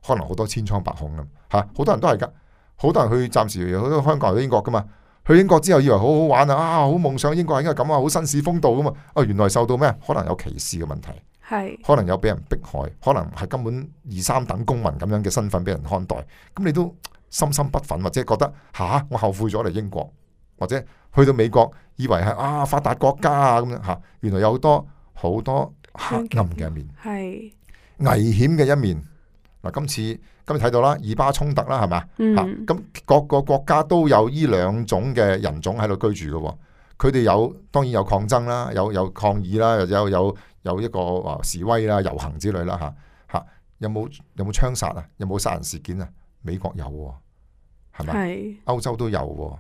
可能好多千瘡百孔咁吓，好多人都係噶，好多人去暫時，好多香港人去英國噶嘛，去英國之後以為好好玩啊，啊好夢想英國係應該咁啊，好紳士風度噶嘛，啊原來受到咩可能有歧視嘅問題，係是可能有俾人迫害，可能係根本二三等公民咁樣嘅身份俾人看待，咁你都心心不忿或者覺得吓、啊、我後悔咗嚟英國，或者去到美國以為係啊發達國家啊咁樣吓，原來有好多好多。黑暗嘅一面，係是危險嘅一面。嗱，今次今日睇到啦，以巴衝突啦，係咪？吓、嗯，咁、啊、各個國家都有呢兩種嘅人種喺度居住嘅，佢哋有當然有抗爭啦，有有抗議啦，又又有有，有一個啊示威啦、遊行之類啦、吓、啊、吓，有冇有冇槍殺啊？有冇殺、啊、人事件啊？美國有、啊，係咪？歐是洲都有、啊，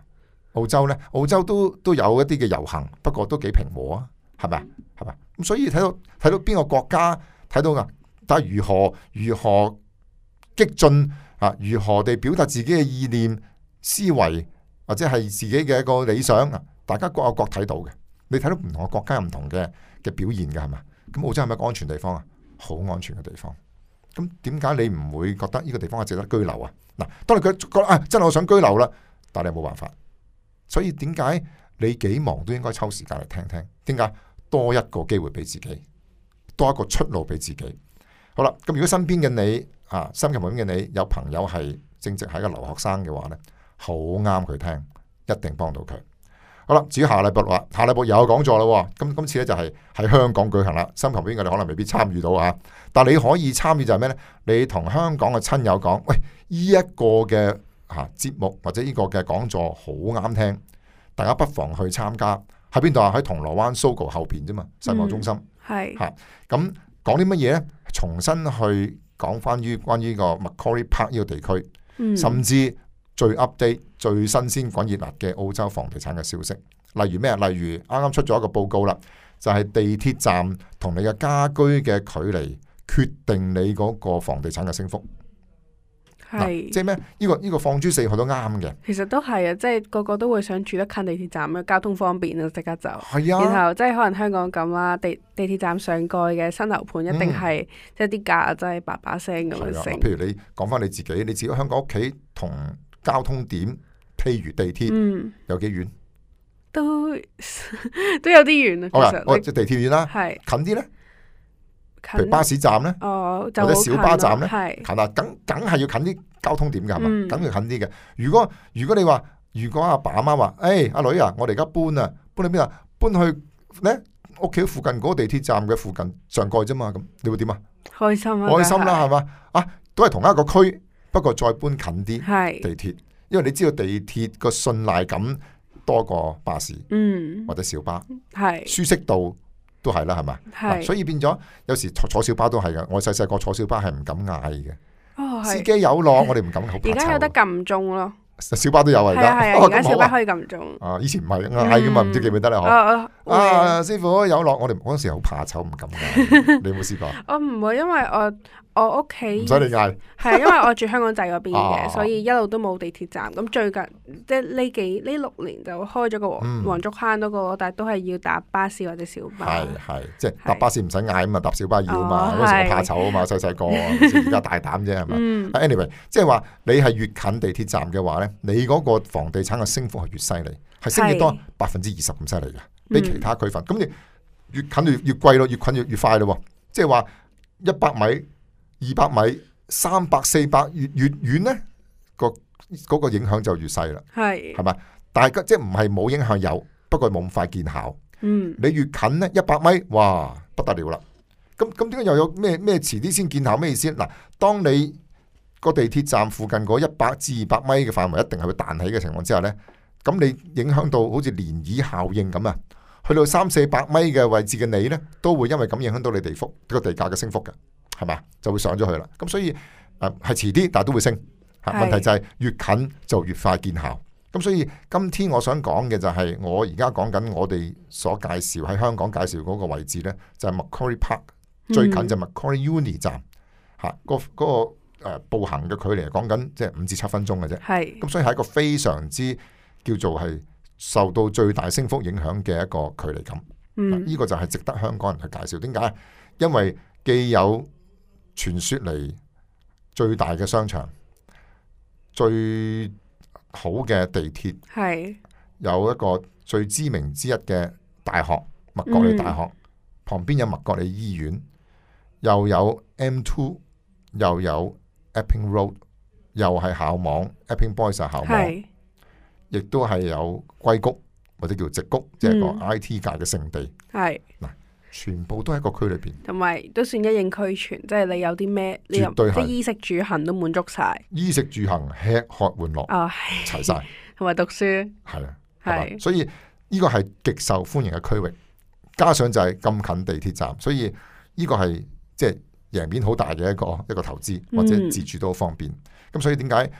澳洲咧，澳洲都都有一啲嘅遊行，不過都幾平和啊，係咪啊？係咪是？咁所以睇到睇到邊個國家睇到噶，但係如何如何激進啊？如何地表達自己嘅意念、思維或者係自己嘅一個理想啊？大家各有各睇到嘅。你睇到唔同嘅國家唔同嘅嘅表現嘅係嘛？咁澳洲係咪一個安全地方啊？好安全嘅地方。咁點解你唔會覺得呢個地方係值得居留啊？嗱，當然佢覺得啊、哎，真係我想居留啦，但係你冇辦法。所以點解你幾忙都應該抽時間嚟聽聽？點解？多一個機會俾自己，多一個出路俾自己。好啦，咁如果身邊嘅你啊，新加坡嘅你有朋友係正值係一個留學生嘅話呢，好啱佢聽，一定幫到佢。好啦，至於下禮拜話，下禮拜有講座啦，咁今次呢，就係喺香港舉行啦。新加坡嘅你可能未必參與到啊，但你可以參與就係咩呢？你同香港嘅親友講，喂，呢、這、一個嘅啊節目或者呢個嘅講座好啱聽，大家不妨去參加。喺邊度啊？喺銅鑼灣 Sogo 後邊啫嘛，世貿中心。係嚇咁講啲乜嘢咧？重新去講翻於關於個 Macquarie Park 呢個地區，嗯、甚至最 update 最新鮮、滾熱辣嘅澳洲房地產嘅消息，例如咩啊？例如啱啱出咗一個報告啦，就係、是、地鐵站同你嘅家居嘅距離決定你嗰個房地產嘅升幅。係，即係咩？呢個呢個放諸四海都啱嘅。其實都係啊，即係個個都會想住得近地鐵站啊，交通方便啊，即刻走。係啊，然後即係可能香港咁啦，地地鐵站上蓋嘅新樓盤一定係即係啲價真係叭叭聲咁樣。譬如你講翻你自己，你自己香港屋企同交通點，譬如地鐵，有幾遠？都都有啲遠啊。好啦，即地鐵遠啦，係近啲咧。近譬如巴士站咧，哦、或者小巴站咧，是近啊，梗梗係要近啲交通點噶係嘛，梗、嗯、要近啲嘅。如果如果你話，如果阿爸阿媽話，誒、欸，阿女啊，我哋而家搬啊，搬去邊啊？搬去咧屋企附近嗰個地鐵站嘅附近上蓋啫嘛，咁你會點啊？開心啊，開心啦，係嘛？啊，都係同一個區，不過再搬近啲地鐵，是因為你知道地鐵個信賴感多過巴士，嗯，或者小巴係是舒適度。都係啦，係咪？是所以變咗有時坐坐小巴都係嘅。我細細個坐小巴係唔敢嗌嘅，哦、司機有落，我哋唔敢好。而家有得撳鐘咯，小巴都有啊，而家，而家小巴可以撳鐘、哦啊。啊，以前唔係，嗌㗎嘛，唔知記唔記得啦嗬。哦、啊，師傅有落，我哋嗰陣時好怕醜唔敢嗌，你有冇試過？ 我唔會，因為我。我屋企唔使你嗌，係啊，因為我住香港仔嗰邊嘅，所以一路都冇地鐵站。咁最近即係呢幾呢六年就開咗個黃竹坑嗰個，但係都係要搭巴士或者小巴。係係，即係搭巴士唔使嗌啊嘛，搭小巴要啊嘛，嗰時我怕醜啊嘛，細細個，而家大膽啫係咪？Anyway，即係話你係越近地鐵站嘅話咧，你嗰個房地產嘅升幅係越犀利，係升幾多？百分之二十咁犀利嘅，比其他區份。咁你越近越越貴咯，越近越越快咯。即係話一百米。二百米、三百、四百越越遠咧，個、嗰個影響就越細啦。係是，係咪？大家即係唔係冇影響有，不過冇咁快見效。嗯，你越近呢，一百米，哇，不得了啦！咁咁點解又有咩咩遲啲先見效咩意思？嗱，當你個地鐵站附近嗰一百至二百米嘅範圍，一定係會彈起嘅情況之下呢，咁你影響到好似漣漪效應咁啊！去到三四百米嘅位置嘅你呢，都會因為咁影響到你地幅個地價嘅升幅嘅。係嘛，就會上咗去啦。咁所以係遲啲，但係都會升。啊、問題就係越近就越快見效。咁所以今天我想講嘅就係我而家講緊我哋所介紹喺香港介紹嗰個位置呢，就係、是、Macquarie Park，最近就 Macquarie Uni 站吓，嗯啊那個嗰個誒步行嘅距離，講緊即係五至七分鐘嘅啫。咁，所以係一個非常之叫做係受到最大升幅影響嘅一個距離感。呢、嗯啊這個就係值得香港人去介紹。點解？因為既有。傳說嚟最大嘅商場，最好嘅地鐵，是有一個最知名之一嘅大學麥國利大學，麥大學，嗯、旁邊有麥國利醫院，又有 M Two，又有 Epping Road，又係校網 Epping Boys 係校網，亦都係有硅谷或者叫直谷，即係個 I T 界嘅聖地。係是。全部都喺個區裏邊，同埋都算一應俱全，即係你有啲咩，你啲衣食住行是都滿足晒，衣食住行，吃喝玩樂，哦、齊晒全，同埋讀書。係啊，係是。所以呢、這個係極受歡迎嘅區域，加上就係咁近地鐵站，所以呢、這個係即係贏面好大嘅一個一個投資，或者自住都好方便。咁、嗯、所以點解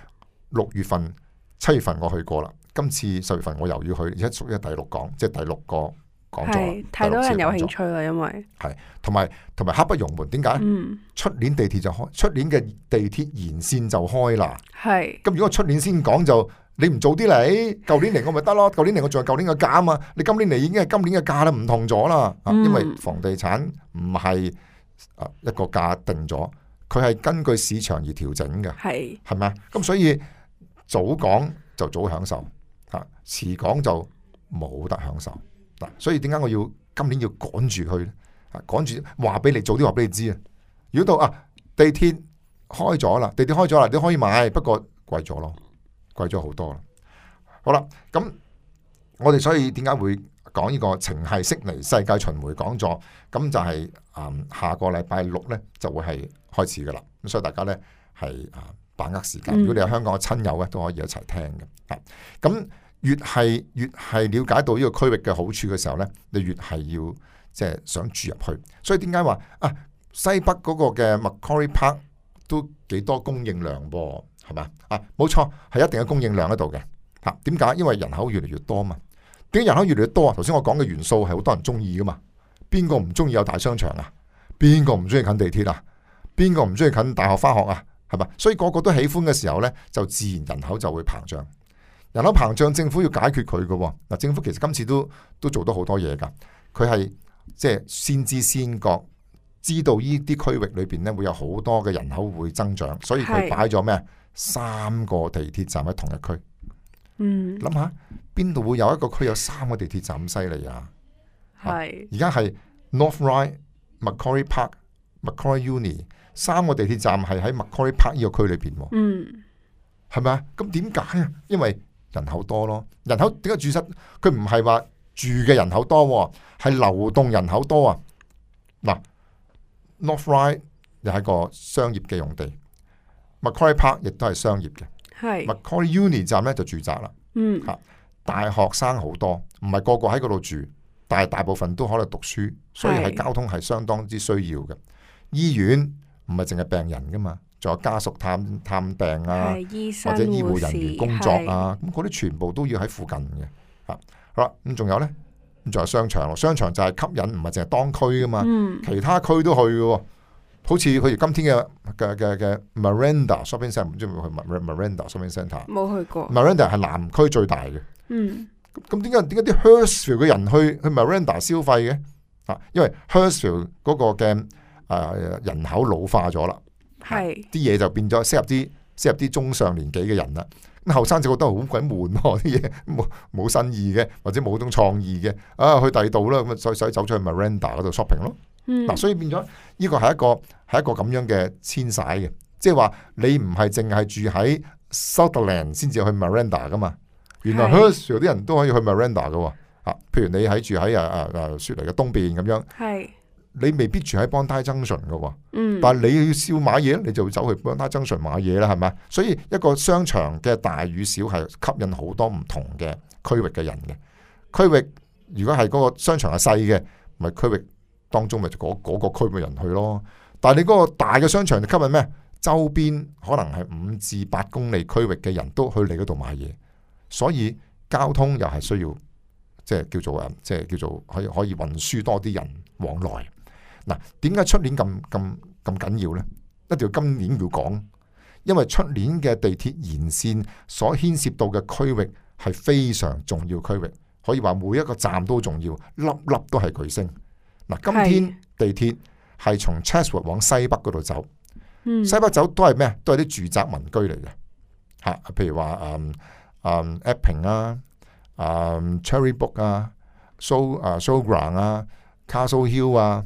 六月份、七月份我去過啦，今次十月份我又要去，而家屬於第六講，即係第六個。係是太多人有興趣啦，因為係同埋同埋刻不容緩。點解？嗯，出年地鐵就開，出年嘅地鐵沿線就開啦。係咁是，如果出年先講就你唔早啲嚟，舊年嚟我咪得咯。舊 年嚟我仲有舊年嘅價啊嘛。你今年嚟已經係今年嘅價啦，唔同咗啦。啊，因為房地產唔係啊一個價定咗，佢係根據市場而調整嘅。係係咪啊？咁所以早講就早享受，啊遲講就冇得享受。所以點解我要今年要趕住去咧？趕住話俾你早啲話俾你知啊！如果到啊，地鐵開咗啦，地鐵開咗啦，你可以買，不過貴咗咯，貴咗好多啦。好啦，咁我哋所以點解會講呢個情繫悉尼世界巡迴講座？咁就係、是、啊、嗯，下個禮拜六咧就會係開始噶啦。咁所以大家咧係啊，把握時間。嗯、如果你有香港嘅親友咧，都可以一齊聽嘅。啊，咁。越係越係了解到呢個區域嘅好處嘅時候呢，你越係要即係想住入去。所以點解話啊西北嗰個嘅 Macquarie Park 都幾多供應量噃？係嘛啊？冇錯，係、啊、一定有供應量喺度嘅。吓、啊，點解？因為人口越嚟越多嘛。點解人口越嚟越多啊？頭先我講嘅元素係好多人中意噶嘛。邊個唔中意有大商場啊？邊個唔中意近地鐵啊？邊個唔中意近大學翻學啊？係嘛。所以個個都喜歡嘅時候呢，就自然人口就會膨脹。人口膨脹，政府要解決佢嘅喎。嗱，政府其實今次都都做到好多嘢噶。佢係即係先知先覺，知道呢啲區域裏邊咧會有好多嘅人口會增長，所以佢擺咗咩？是三個地鐵站喺同一區。嗯。諗下邊度會有一個區有三個地鐵站咁犀利啊？係是。而家係 North Ryde、Macquarie Park、Macquarie Uni 三個地鐵站係喺 Macquarie Park 呢個區裏邊，啊。嗯。係咪啊？咁點解啊？因為人口多咯，人口點解住失？佢唔係話住嘅人口多，係流動人口多啊。嗱，North Ryde 又係個商業嘅用地，Macquarie Park 亦都係商業嘅是，Macquarie Uni 站咧就住宅啦。嗯，吓大學生好多，唔係個個喺嗰度住，但係大部分都可能讀書，所以係交通係相當之需要嘅。醫院唔係淨係病人噶嘛。仲有家屬探探病啊，醫生或者醫護人員工作啊，咁嗰啲全部都要喺附近嘅啊。好啦，咁仲有咧，咁仲有商場咯。商場就係吸引，唔係淨係當區噶嘛，嗯、其他區都去嘅。好似佢而今天嘅嘅嘅嘅 Miranda Shopping Centre，唔知有冇去 Mir Miranda Shopping Centre？冇去過。Miranda 係南區最大嘅。嗯。咁點解點解啲 Hurstville 嘅人去去 Miranda 消費嘅？啊，因為 Hurstville 嗰個嘅誒人口老化咗啦。啲嘢是就變咗，適合啲適合啲中上年紀嘅人啦。咁後生就覺得好鬼悶，啲嘢冇冇新意嘅，或者冇種創意嘅。啊，去第二度啦，咁所以走出去 Miranda 嗰度 shopping 咯。嗱、嗯啊，所以變咗呢個係一個係一個咁樣嘅遷徙嘅，即係話你唔係淨係住喺 Southland 先至去 Miranda 噶嘛。原來 Hershey 啲人都可以去 Miranda 噶。啊，譬如你喺住喺啊啊雪梨嘅東邊咁樣。你未必住喺邦他增順噶，但係你要少買嘢，你就會走去邦他增順買嘢啦，係咪？所以一個商場嘅大與小係吸引好多唔同嘅區域嘅人嘅。區域如果係嗰個商場係細嘅，咪區域當中咪嗰嗰個區域嘅人去咯。但係你嗰個大嘅商場就吸引咩？周邊可能係五至八公里區域嘅人都去你嗰度買嘢，所以交通又係需要，即係叫做誒，即係叫做可以可以運輸多啲人往來。嗱，點解出年咁咁咁緊要呢？一定要今年要講，因為出年嘅地鐵沿線所牽涉到嘅區域係非常重要區域，可以話每一個站都重要，粒粒都係巨星。嗱、啊，今天是地鐵係從 Chatswood 往西北嗰度走，嗯、西北走都係咩？都係啲住宅民居嚟嘅，吓，譬如話嗯嗯 Epping 啊，嗯嗯 e、啊、嗯、Cherrybrook 啊，Show 啊 Showground 啊，Castle Hill 啊。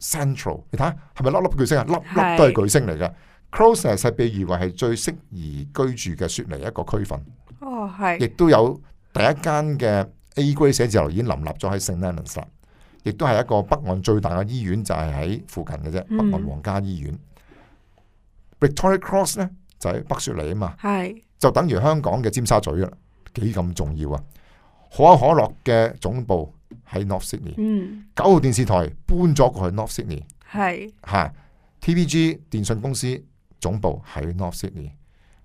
Central，你睇下係咪粒粒巨星啊？粒粒是都係巨星嚟嘅。Crowsnest 被譽為係最適宜居住嘅雪梨一個區份，係亦、oh, 是都有第一間嘅 A 區寫字樓已經林立咗喺 St Leonards，亦都係一個北岸最大嘅醫院就係、是、喺附近嘅啫。嗯、北岸皇家醫院，Victoria Cross 咧就喺北雪梨啊嘛，係是就等於香港嘅尖沙咀啦，幾咁重要啊！可口可樂嘅總部。喺 North Sydney，、嗯、九號電視台搬咗過去 North Sydney，係嚇，TVG 電信公司總部喺 North Sydney，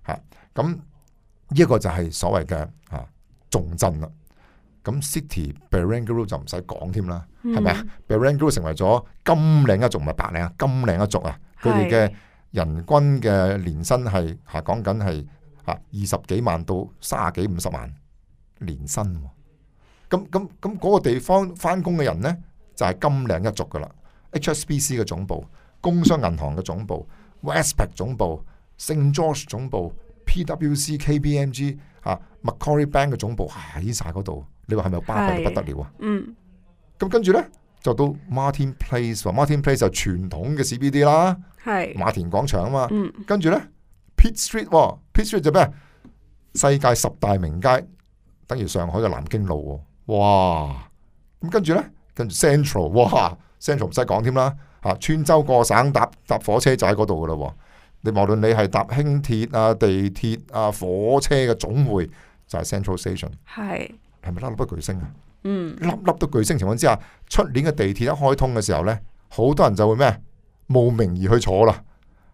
嚇，咁呢一個就係所謂嘅嚇、啊、重鎮啦。咁 City Barangaroo 就唔使講添啦，係咪啊 Barangaroo 成為咗金領一族，唔係白領啊，金領一族啊，佢哋嘅人均嘅年薪係嚇講緊係嚇二十幾萬到卅幾五十萬年薪、啊。咁咁咁嗰個地方翻工嘅人咧，就係、是、金領一族噶啦。HSBC 嘅總部、工商銀行嘅總部、Westpac 總部、St. George 總部、PWC、啊、KBMG 嚇、Macquarie Bank 嘅總部喺晒嗰度。你話係咪巴閉得不得了啊？嗯。咁跟住咧就到 Martin Place, Martin Place，Martin Place 就傳統嘅 CBD 啦。係是。馬田廣場啊嘛。嗯、跟住咧，Pitt Street，Pitt、哦、Street 就咩？世界十大名街，等於上海嘅南京路、哦。哇！咁跟住呢，跟住 Central 哇，Central 唔使講添啦嚇，穿州過省搭搭火車就喺嗰度噶啦喎，你無論你係搭輕鐵啊、地鐵啊、火車嘅總會，就係、係、Central Station 係。係係咪粒粒都巨星啊？嗯，粒粒都巨星情況之下，出年嘅地鐵一開通嘅時候呢，好多人就會咩慕名而去坐啦。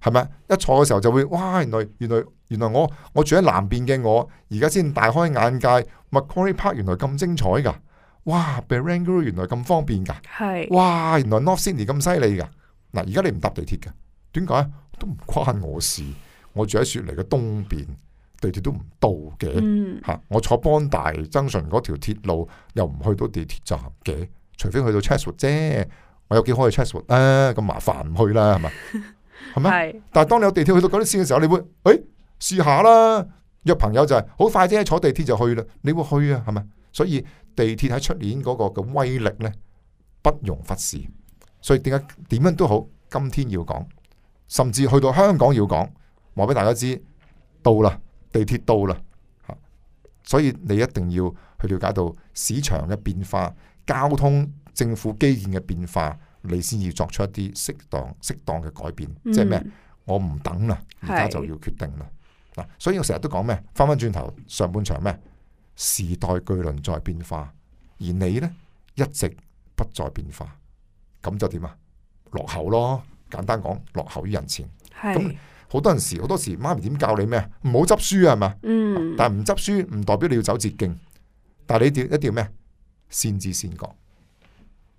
係咪？一坐嘅時候就會，哇！原來原來原來我我住喺南邊嘅我，而家先大開眼界。Macquarie Park 原來咁精彩噶，哇 Barangaroo 原來咁方便噶，係是，哇！原來 North Sydney 咁犀利噶。嗱，而家你唔搭地鐵噶，點解？都唔關我事。我住喺雪梨嘅東邊，地鐵都唔到嘅。吓、嗯啊，我坐邦大、增順嗰條鐵路又唔去到地鐵站嘅，除非去到 Chatswood 啫。我有幾可以 Chatswood 啊？咁麻煩唔去啦，係嘛？ 係咪？是但係當你有地鐵去到嗰啲線嘅時候，你會誒試、欸、下啦。約朋友就係、是、好快啫坐地鐵就去啦。你會去啊，係咪？所以地鐵喺出年嗰個嘅威力呢，不容忽視。所以點解點樣都好，今天要講，甚至去到香港要講，話俾大家知到啦，地鐵到啦。所以你一定要去了解到市場嘅變化、交通、政府基建嘅變化。你先要作出一啲適當適當嘅改變，嗯、即係咩？我唔等啦，而家就要決定啦。嗱是，所以我成日都講咩？翻翻轉頭，上半場咩？時代巨輪在變化，而你呢，一直不在變化，咁就點啊？落後咯，簡單講，落後於人前。咁好多陣時，好多時，多時，媽咪點教你咩？唔好執輸啊嘛。嗯。但係唔執輸唔代表你要走捷徑，但係你一定要咩？先知先覺。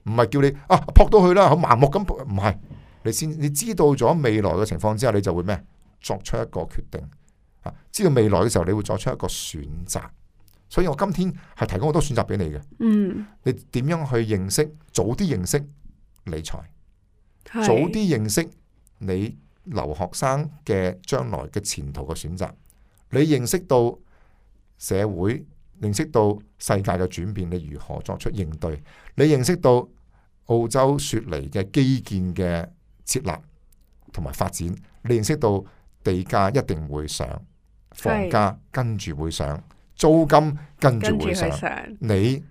唔係叫你啊撲到去啦，好盲目咁撲，唔係，你先，你知道咗未來嘅情況之後，你就會咩？作出一個決定，啊，知道未來嘅時候，你會作出一個選擇。所以我今天係提供好多選擇俾你嘅。嗯，你點樣去認識？早啲認識理財，是早啲認識你留學生嘅將來嘅前途嘅選擇。你認識到社會，認識到世界嘅轉變，你如何作出應對？你認識到。澳洲雪梨嘅基建嘅設立同埋發展，你認識到地價一定會上，房價跟住會上，租金跟住會上。上你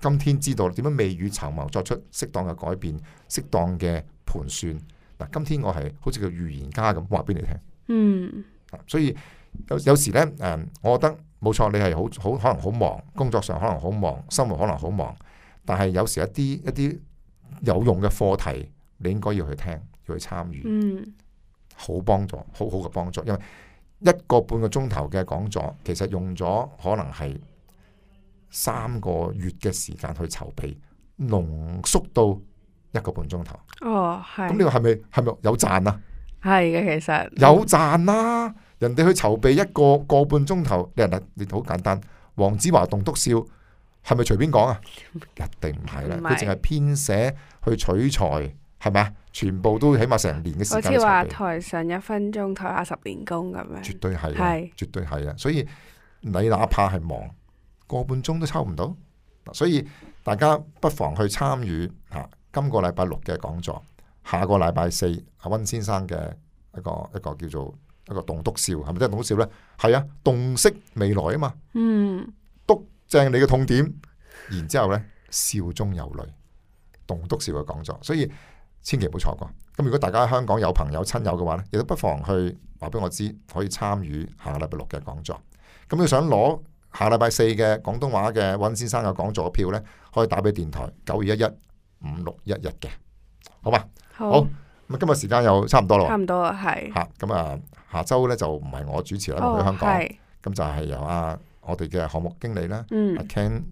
今天知道點樣未雨綢繆，作出適當嘅改變，適當嘅盤算。嗱，今天我係好似個預言家咁話俾你聽。嗯。所以有有時呢，誒，我覺得冇錯，你係好好可能好忙，工作上可能好忙，生活可能好忙，但係有時一啲一啲。有用嘅課題，你應該要去聽，要去參與，好幫、嗯、助，好好嘅幫助。因為一個半個鐘頭嘅講座，其實用咗可能係三個月嘅時間去籌備，濃縮到一個半鐘頭。哦，係。咁你話係咪係咪有賺啊？係嘅，其實有賺啦、啊。嗯、人哋去籌備一個個半鐘頭，你人哋，你好簡單。黃子華棟篤笑。係咪隨便講啊？一定唔係啦，佢淨係編寫去取材，係咪啊？全部都起碼成年嘅時間。好似話台上一分鐘，台下十年功咁樣。絕對係、啊，係是絕對係啊！所以你哪怕係忙個半鐘都抽唔到，所以大家不妨去參與吓今個禮拜六嘅講座，下個禮拜四阿温先生嘅一個一個叫做一個棟篤笑，係咪真係棟篤笑呢？係啊，洞悉未來啊嘛。嗯。正你嘅痛點，然之後呢，笑中有淚，棟篤笑嘅講座，所以千祈唔好錯過。咁如果大家香港有朋友親友嘅話呢，亦都不妨去話俾我知，可以參與下禮拜六嘅講座。咁你想攞下禮拜四嘅廣東話嘅温先生嘅講座票呢，可以打俾電台九二一一五六一一嘅，好嘛？好，咁今日時間又差唔多啦，差唔多啊，係吓。咁啊，下周呢就唔係我主持啦，哦、去香港，咁是就係由阿。.我哋嘅項目經理啦，嗯，阿 Ken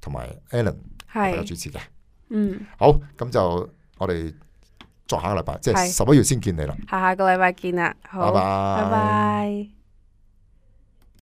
同埋 Alan 係有主持嘅。嗯，好，咁就我哋再下個禮拜，即係十一月先見你啦。下下個禮拜見啦，好，拜拜。拜拜拜拜。